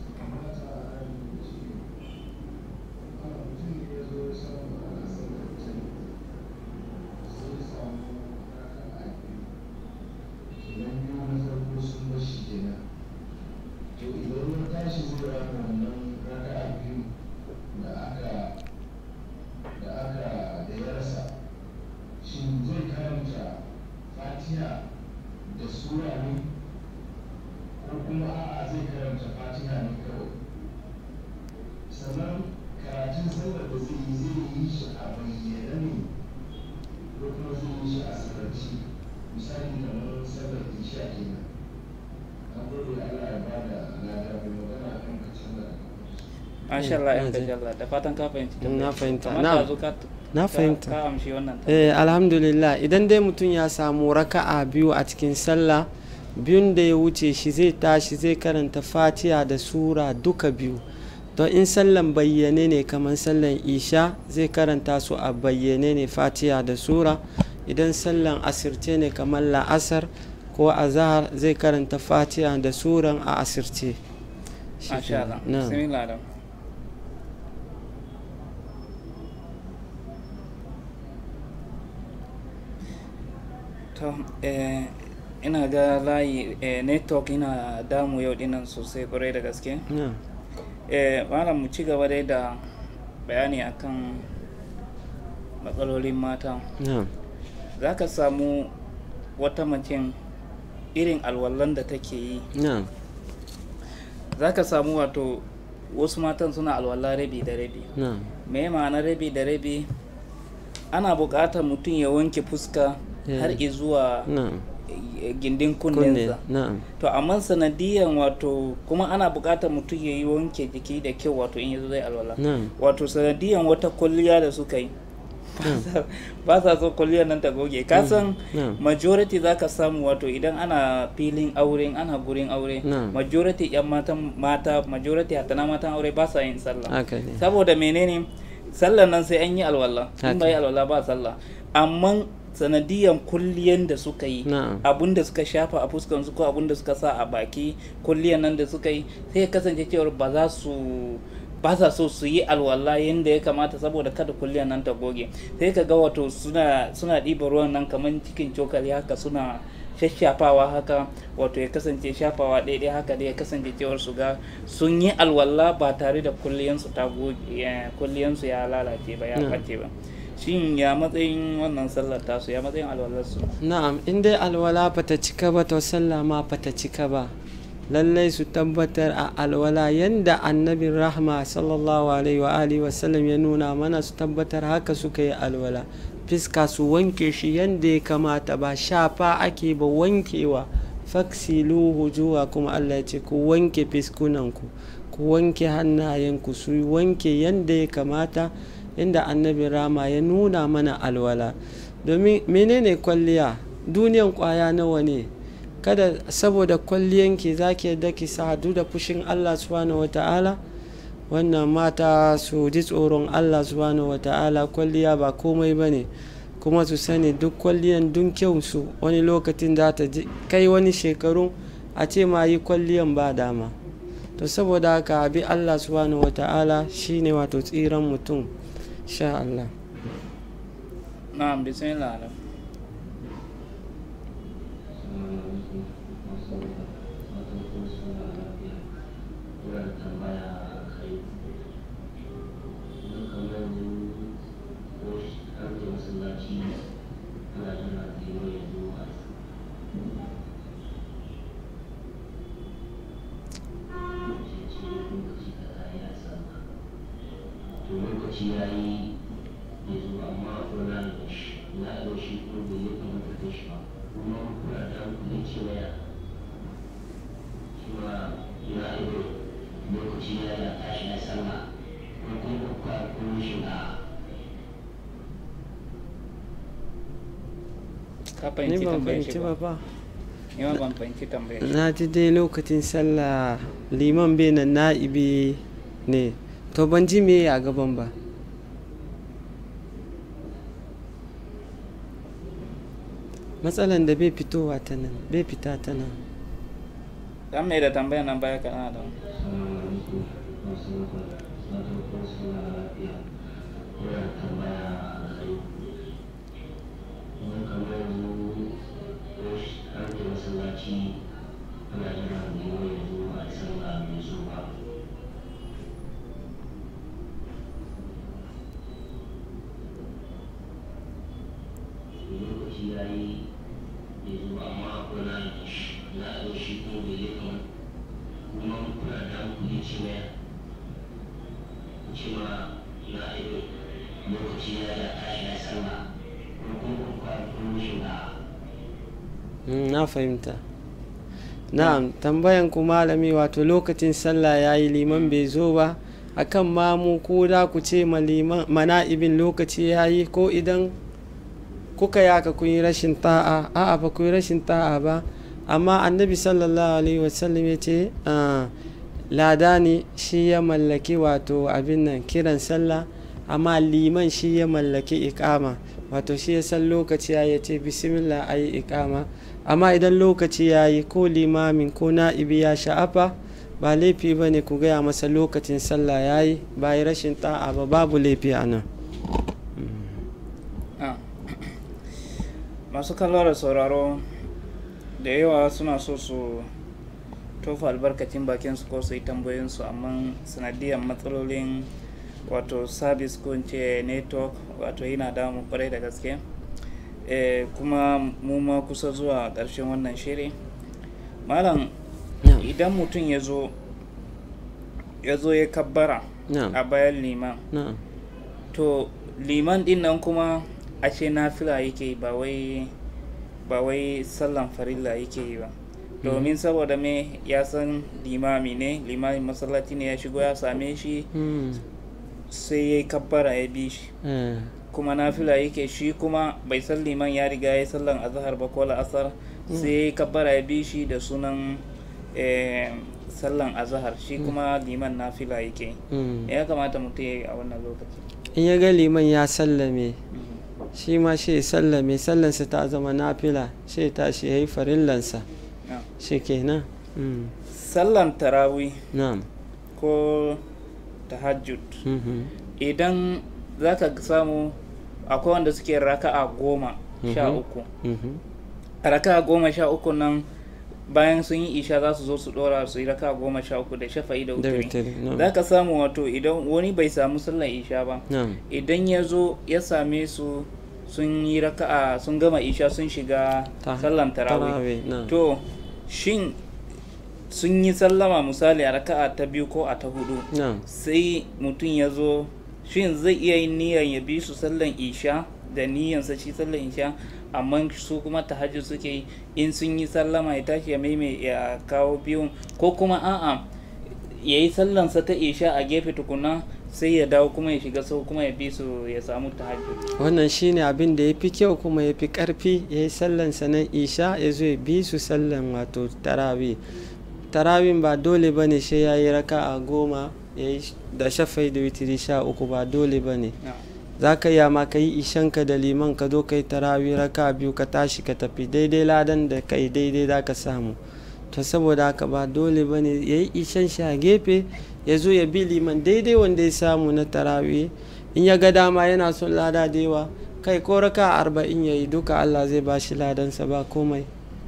masha Allah na fahimta na fahimta eh alhamdulillah idan dai mutum ya samu raka'a biyu a cikin sallah biyun da ya wuce shi zai tashi zai karanta Fatiya da sura duka biyu to in sallan bayyane ne kamar sallan isha zai karanta su a bayyane ne Fatiya da sura idan sallan asirce ne kamar la'asar ko zahar zai karanta fatiha da suran a asirce. Eh, ina ga layi eh, network ina damu yau dinnan sosai kwarai da gaske eh, malam mu ci gaba dai da bayani akan matsalolin mata za ka samu wata macin irin alwallon da take yi za ka samu wato wasu matan suna alwala rabi da rabi me ma'ana rabi da rabi ana buƙatar mutum ya wanke fuska har zuwa gindin kundinsa to amma sanadiyan wato kuma ana buƙatar mutum ya yi wanke jiki da kyau wato in yazo zai alwala wato sanadiyan wata kwalliya da suka yi ba sa so kwalliya nan ta goge kasan mm, majority za ka samu wato idan ana filin aure ana gurin aure majority yan mata mata majority na matan aure ba sa yin sallah saboda menene sallah nan sai an yi alwala in ba yi alwala ba sallah amma sanadiyan kulliyan da suka yi abun da suka shafa a fuskan su ko abun da suka sa a baki kulliyan nan da suka yi sai kasance cewar ba za su ba sa so su yi alwala yadda ya kamata saboda kada kulliyan nan ta goge sai ka ga wato suna ɗiba ruwan nan kamar cikin cokali haka suna shashafawa haka wato ya kasance shafawa daidai haka da ya kasance cewar su ga sun yi alwala ba tare da su ta goge eh, su ya lalace ba ya ɓace ba shin ya matsayin wannan sallar tasu ya matsayin alwalarsu na'am in dai alwala bata cika ba to sallah ma bata cika ba lallai su tabbatar a alwala yanda annabin rahma sallallahu alaihi wa wasallam ya nuna mana su tabbatar haka suka yi alwala fiska su wanke shi yanda ya kamata ba shafa ake ba wankewa faksilu hujuwa kuma Allah ya ce ku wanke fiskunanku ku wanke hannayenku su wanke yanda ya kamata inda annabi rama ya nuna mana alwala domin menene kwalliya duniyan kwaya nawa ne kada saboda kwalliyanki za ki yadda ki sadu da fushin allah subhanahu wata'ala wannan mata su ji tsoron allah subhanahu wata'ala kwalliya ba komai ba ne kuma su sani duk kwalliyan dun su wani lokacin za ta kai wani shekaru a ce ma yi kwalliyan ba dama to saboda haka abi allah subhanahu wata'ala shine wato tsiran mutum شاء الله نعم بسم الله الرحمن ka ba na ji dai lokacin sallah liman bai na'ibi ne to ban ji me a gaban ba matsalan da bai fitowa ta nan bai fita ta nan dan mai da tambayar nan baya kana da baki ana jiran a na fahimta na'am tambayan ku malami wato lokacin sallah yayi liman bai zo ba akan mamu ko da ku ce mana'ibin lokaci yayi ko idan kuka yaka kun yi rashin ta'a a'a ba kun yi rashin ta'a ba amma annabi sallallahu alaihi wasallam ya ce ah, lada ne shi ya mallaki wato abin nan kiran sallah amma liman shi ya mallaki ikama wato shi ya san lokaci ya ce bismillah ayi ikama amma idan lokaci ya yi ko limamin ko na'ibi ya sha'afa ba laifi ba ne ku gaya masa lokacin sallah ya yi ba yi rashin ta'a ba babu laifi a nan ah. masu kallo da sauraro da yawa suna so su tofa albarkacin bakinsu ko su yi tambayoyinsu amma sanadiyar matsalolin wato sabis ko network wato yana damu kwarai da gaske Eh, kuma mu ma kusa zuwa ƙarshen wannan shirin malam idan mutum ya zo ya kabbara a bayan liman to liman din nan kuma ashe nafila yake ba wai ba wai sallan farilla yake yi ba mm. domin saboda me ya san limami ne limamin masallaci ne ya shigo ya same shi mm. sai ya kabbara ya bi shi eh. kuma nafila yake shi kuma bai san liman ya riga ya sallan azhar ba ko la'asar sai hmm. kabbara ya bi shi da sunan eh, sallan azhar shi hmm. kuma liman nafila yake hmm. ya kamata mutum ya yi a wannan lokaci in ya ga liman ya sallame shi ma shi sallame sallansa ta zama nafila shi ta shi ya yi farillansa shi nan sallan tarawi ko tahajjud idan za ka samu akwai wanda suke raka'a goma mhm. sha uku a mhm. raka'a goma sha uku nan bayan sun yi isha za su zo su dora su yi raka goma sha uku da shafa'i da wuturi za ka samu wato idan wani bai samu sallar isha ba idan ya zo ya same su sun yi raka'a sun gama isha sun shiga sallan tarawih to shin sun yi sallama misali a raka'a ta biyu ko a ta hudu sai mutum ya zo shin zai iya yin niyyar ya bi su sallan isha da sa shi sallan isha amma su kuma hajji suke yi in sun yi sallama ya tashi ya maimai ya kawo biyun ko kuma a'a ya yi sa ta isha a gefe tukuna sai ya dawo kuma ya shiga sau kuma ya bi su ya samu hajji. wannan shine abin da ya fi kyau kuma ya fi karfi ya yi sallansa na isha ya zo ya bi su sallan wato tarawi tarawin ba dole ba ne sai ya yi raka a goma da shafai da witiri sha uku ba dole ba ne za ka yi ma ka yi ishanka da liman ka zo ka yi tarawi raka biyu ka tashi ka tafi daidai ladan da kai daidai za ka samu ta saboda haka ba dole ba ne ya yi ishan shi a gefe ya zo ya bi liman daidai wanda ya samu na tarawi in ya ga dama yana son lada da yawa kai ko raka arba'in ya yi duka allah zai ba shi ladansa ba komai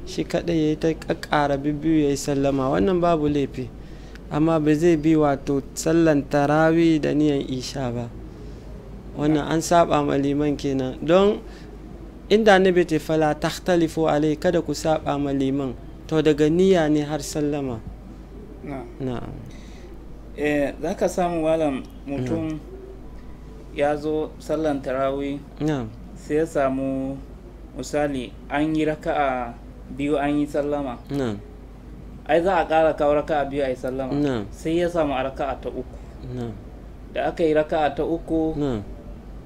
shi kaɗai ya yi ta ƙara bibbiyu ya yi sallama wannan babu laifi amma ba zai bi wato sallan tarawi da niyan isha ba wannan an saba ma liman kenan don inda na bai fala takhtalifu alai kada ku saba ma liman to daga niya ne har sallama na eh, za ka samu walam mutum ya zo sallan tarawi sai ya samu misali an yi raka'a biyu an yi sallama ai za a ƙara kawo a biyu a yi sallama sai ya samu a raka'a ta uku da aka yi raka'a ta uku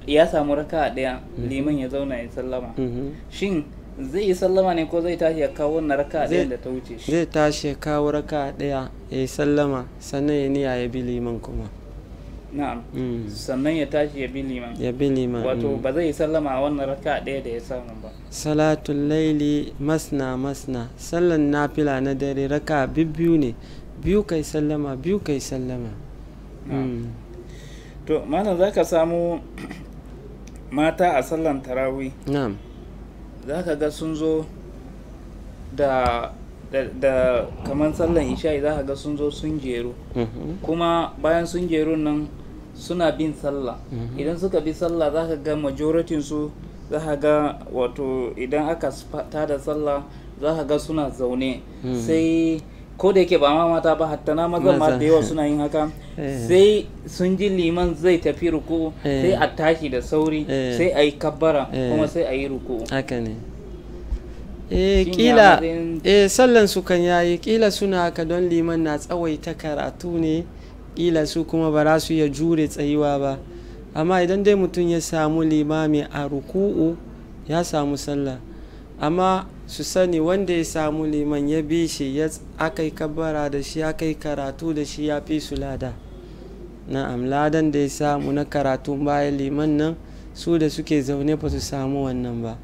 ya samu raka'a ɗaya liman ya zauna ya sallama mm-hmm. shin zai yi sallama ne ko zai tashi ya kawo wannan raka ɗaya da ta wuce shi zai tashi ya kawo raka ɗaya ya yi sallama sannan ya niya ya bi liman kuma na'am mm. sannan ya tashi ya bi liman ya bi liman wato mm. ba zai sallama a wannan raka ɗaya da ya samu ba salatul laili masna masna sallan nafila na dare raka biyu ne biyu kai sallama biyu kai sallama mm. to mana za ka samu mata a sallan tarawi na'am za ka ga sun zo da da kamar sallan isha'i za ka ga sun zo sun jeru mm-hmm. kuma bayan sun jeru nan suna bin sallah mhm. idan suka bi sallah za ka ga majoratin su za ka ga wato idan aka tada sallah za ka ga suna zaune mhm. sai ko da yake ba ma mata ba hatta na maza ma da yawa suna yin haka eh. sai sun ji liman zai tafi ruku eh. sai a tashi da sauri eh. sai a yi kabbara kuma sai a yi ruku haka ne eh kila eh sallan su kan yayi kila suna haka don liman na tsawaita karatu ne kila su kuma ba za su iya jure tsayuwa ba amma idan dai mutum ya samu limami a ruku'u ya samu sallah amma su sani wanda ya samu liman ya bi shi ya akai kabara da shi akai karatu da shi ya fi su lada na'am ladan da ya samu na karatu bayan liman nan su da suke zaune ba su samu wannan ba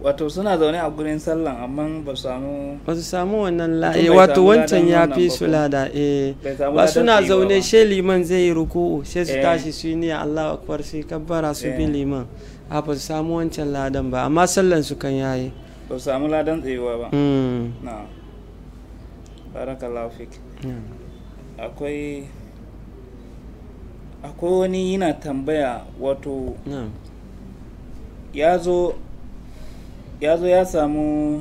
wato suna zaune a gurin sallan amma ba su samu ba su samu wannan la'i eh, wato wancan ya fi su lada eh ba suna zaune she liman zai yi ruku'u she su eh. tashi su yi niyya Allahu akbar sai kabbara su bi eh. liman a ba su samu wancan ladan ba amma sallan su kan yayi ba su samu ladan tsayuwa ba hmm. na barakallahu fik hmm. akwai akwai wani yana tambaya wato hmm. ya zo ya zo ya samu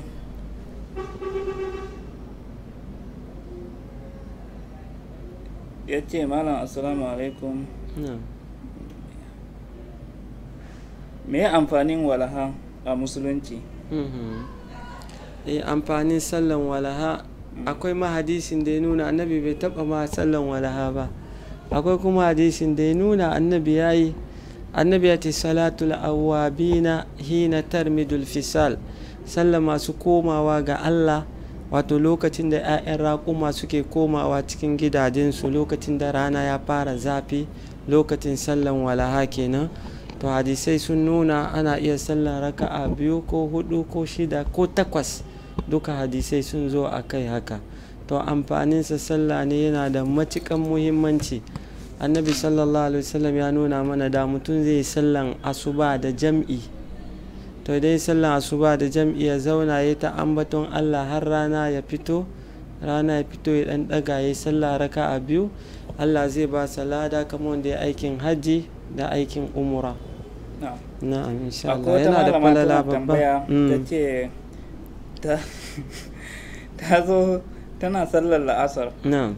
ya ce malam assalamu alaikum me amfanin walaha a musulunci mhm. eh amfanin sallan walaha mm. akwai mahadisin da ya nuna annabi bai taba ma sallan walaha ba akwai kuma hadisin da ya nuna annabi ya yi annabi ya ce salatul awabina hina tarmidul fisal sallah masu komawa ga allah wato lokacin da 'ya'yan raƙuma suke komawa cikin gidajensu lokacin da rana ya fara zafi lokacin sallan walaha kenan to hadisai sun nuna ana iya sallan raka'a biyu ko hudu ko shida ko takwas duka hadisai sun zo a kai haka to amfaninsa sallah ne yana da matukan muhimmanci annabi sallallahu alaihi wasallam ya nuna mana da mutum zai sallan asuba da jam'i to dai sallan asuba da jam'i ya zauna ya ta ambaton Allah har rana ya fito rana ya fito ya dan daga ya sallah raka a biyu Allah zai ba salada kamar wanda ya aikin hajji da aikin umura na'am insha Allah yana da falala babba tace ta mm. ta zo tana sallar la'asar na'am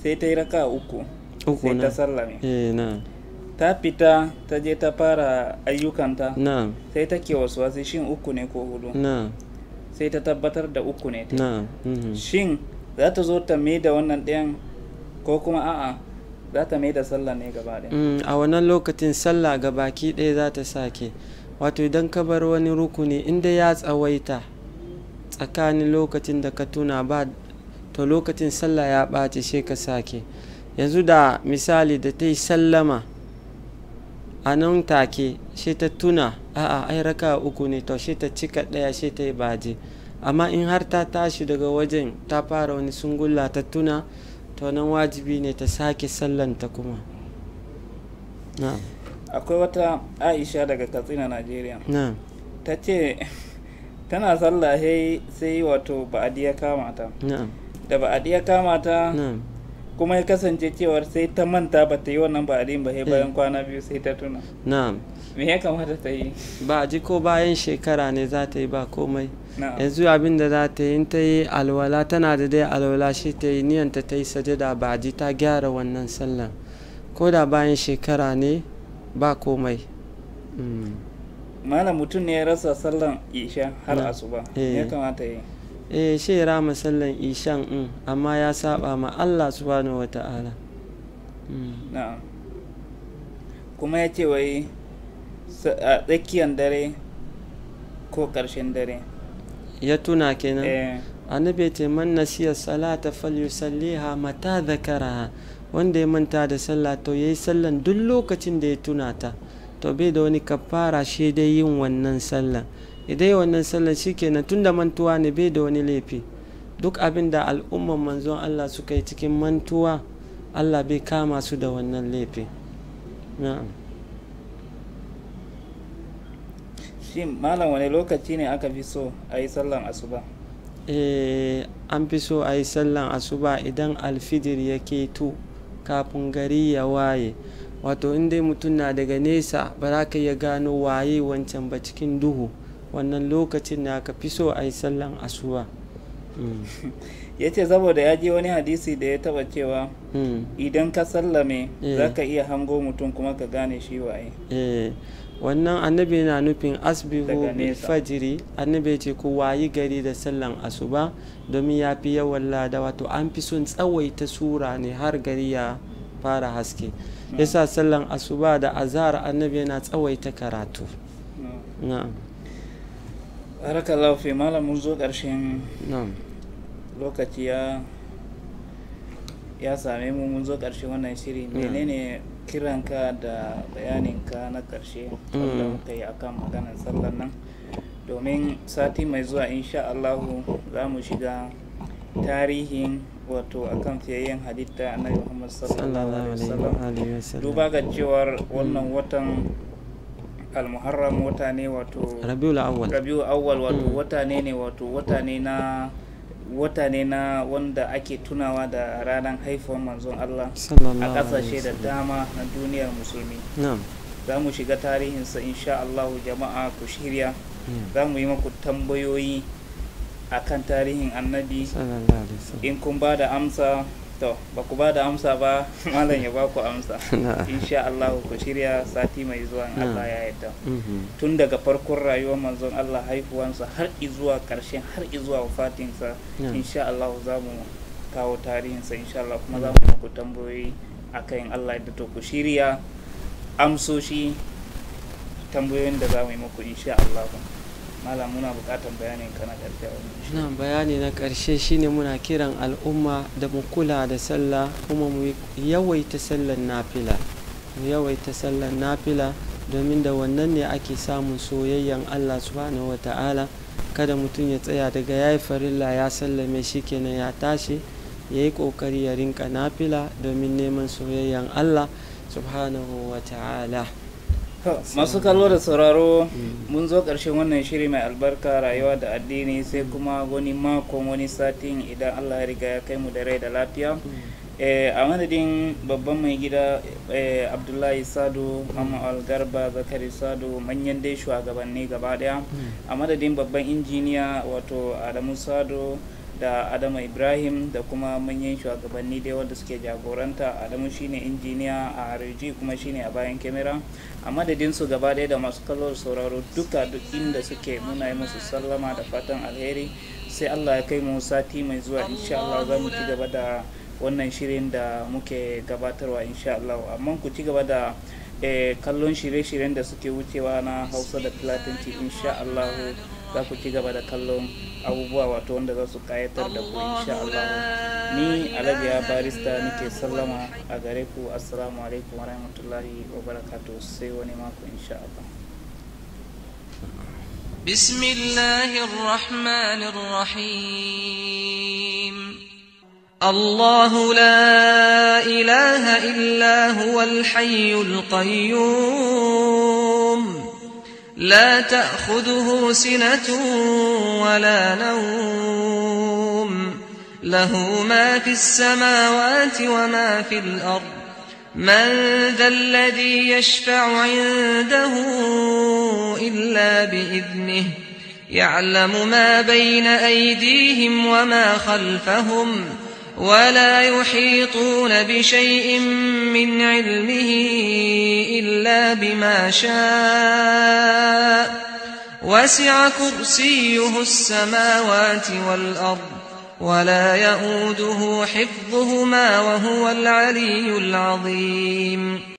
sai ta yi raka uku sai ta eh, na ta fita ta je ta fara ayyukanta sai ta ke wasu wasu shin uku ne ko hudu sai ta tabbatar da uku ne ta mhm. shin za ta zo ta mai da wannan ɗayan ko kuma a'a za ta mai da sallah ne gaba ɗaya mm, a wannan lokacin sallah ga baki ɗaya za ta sake wato idan ka bar wani rukuni inda ya tsawaita tsakanin lokacin da ka tuna ba to lokacin sallah ya ɓaci sai ka sake yanzu da misali da ta yi sallama a nan take shi ta tuna a'a ai raka uku ne to shi ta cika ɗaya shi ta yi baje amma in har ta tashi daga wajen ta fara wani sungulla ta tuna to nan wajibi ne ta sake sallanta kuma akwai wata aisha daga katsina najeriya ta ce tana sallah sai wato ba'adi ya kama ta da ba'adi ya kama ta kuma ya kasance cewar sai ta manta ba ta yi wannan ba ba sai eh. bayan kwana biyu sai ta tuna na'am me ya kamata ta yi ba ji ko bayan shekara ne za ta yi ba komai yanzu abin da za ta yi ta yi alwala tana da dai alwala shi ta yi niyanta ta yi sajada ba ji ta gyara wannan sallan ko da bayan shekara ne ba komai mm. malam mutum ne ya rasa sallan isha har asuba eh. ya kamata yi eh shi ya rama sallan ishan in amma ya saba ma Allah subhanahu wa ta'ala hmm. kuma ya ce wai a tsakiyar dare ko ƙarshen dare ya tuna kenan eh. annabi ce man nasiya salata falyusalliha mata zakaraha wanda ya manta da sallah to yayi sallan duk lokacin da ya tuna ta to bai da wani kafara shi dai yin wannan sallan idai wannan sallar shi kenan tun da mantuwa ne bai da wani laifi duk abin da al'umman manzon Allah suka yi cikin mantuwa Allah bai kama su da wannan laifi na'am shin malam wani lokaci ne aka fi so a yi sallan asuba eh an fi so a yi sallan asuba idan alfijir ya keto kafin gari ya waye wato inda mutum na daga nesa ba za ka iya gano waye wancan ba cikin duhu wannan lokacin na ka fi so a yi sallan asuba ya ce saboda ya je wani hadisi da ya taba cewa hmm. idan ka sallame eh. za ka iya hango mutum kuma ka gane shi waye eh. wannan annabi na nufin asbihu bil fajiri annabi ce ku wayi gari da sallan asuba domin ya fi yawan lada wato an fi son tsawaita sura ne har gari ya fara haske hmm. yasa sallan asuba da azhar annabi yana tsawaita karatu hmm. barakallahu fi malam mun zo ƙarshen lokaci ya ya same mu mun zo ƙarshen wannan shiri menene kiranka da bayaninka na ƙarshe wanda mm. muka yi akan maganar sallar nan domin sati mai zuwa insha Allahu za mu shiga tarihin wato akan fiyayyen halitta na Muhammad sallallahu alaihi wasallam duba ga cewar wannan watan almuharram wata ne wato rabiul awwal rabiul awwal wato hmm. wata ne ne wato wata ne na wata ne na wanda ake tunawa da ranar haifuwar manzon Allah a ƙasashe da dama na duniyar musulmi za mu shiga tarihinsa insha Allahu jama'a ku shirya hmm. za mu yi maku tambayoyi akan tarihin annabi in kun ba da amsa to ba ku ba da amsa ba malam ya ba ku amsa insha Allah ku shirya sati mai zuwa in Allah ya yarda mhm. tun daga farkon rayuwar manzon Allah haihuwansa har zuwa karshen har zuwa wafatinsa insha Allah za mu kawo tarihinsa insha Allah kuma za mu ku tambayoyi akan Allah da to ku shirya amsoshi tambayoyin da za mu yi muku insha Allah malam muna bukatan bayanin ka na karshe na bayani na karshe shine muna kiran al'umma da mu kula da sallah kuma mu yawaita sallan nafila mu yawaita sallar nafila domin da wannan ne ake samun soyayyan Allah subhanahu wata'ala kada mutum ya tsaya daga yayi farilla ya sallame shi kenan ya tashi yayi yi kokari ya rinka nafila domin neman soyayyan Allah subhanahu wata'ala masu kallo da sauraro mm. mun zo ƙarshen wannan shiri mai albarka rayuwa da addini sai mm. kuma wani makon wani satin idan allah ya riga ya kai mu da rai da lafiya mm. eh, a madadin babban mai gida eh, abdullahi sadu hamal garba zakari sadu manyan dai shugabanni gaba daya a madadin babban injiniya wato adamu sadu da adama ibrahim da kuma manyan shugabanni dai wanda suke jagoranta adamu shine injiniya a rg kuma shine a bayan kamera a madadin su gaba ɗaya da masu kallo sauraro duka duk inda suke muna yi musu sallama da fatan alheri sai allah ya kai mu sati mai zuwa insha allah za mu ci gaba da wannan shirin da muke gabatarwa insha allah amma ku ci gaba da eh, kallon shirye-shiryen da suke wucewa na hausa da platinci insha allahu za ku ci gaba da kallon abubuwa wato wanda za su kayatar da ku insha Allah ni alabiya barista nake sallama a gare ku assalamu alaikum wa rahmatullahi wa barakatuh sai wani mako insha Allah بسم الله الرحمن الرحيم الله لا اله الا هو الحي القيوم لا تأخذه سنة ولا نوم له ما في السماوات وما في الأرض من ذا الذي يشفع عنده إلا بإذنه يعلم ما بين أيديهم وما خلفهم ولا يحيطون بشيء من علمه إلا بما شاء وسع كرسيه السماوات والأرض ولا يئوده حفظهما وهو العلي العظيم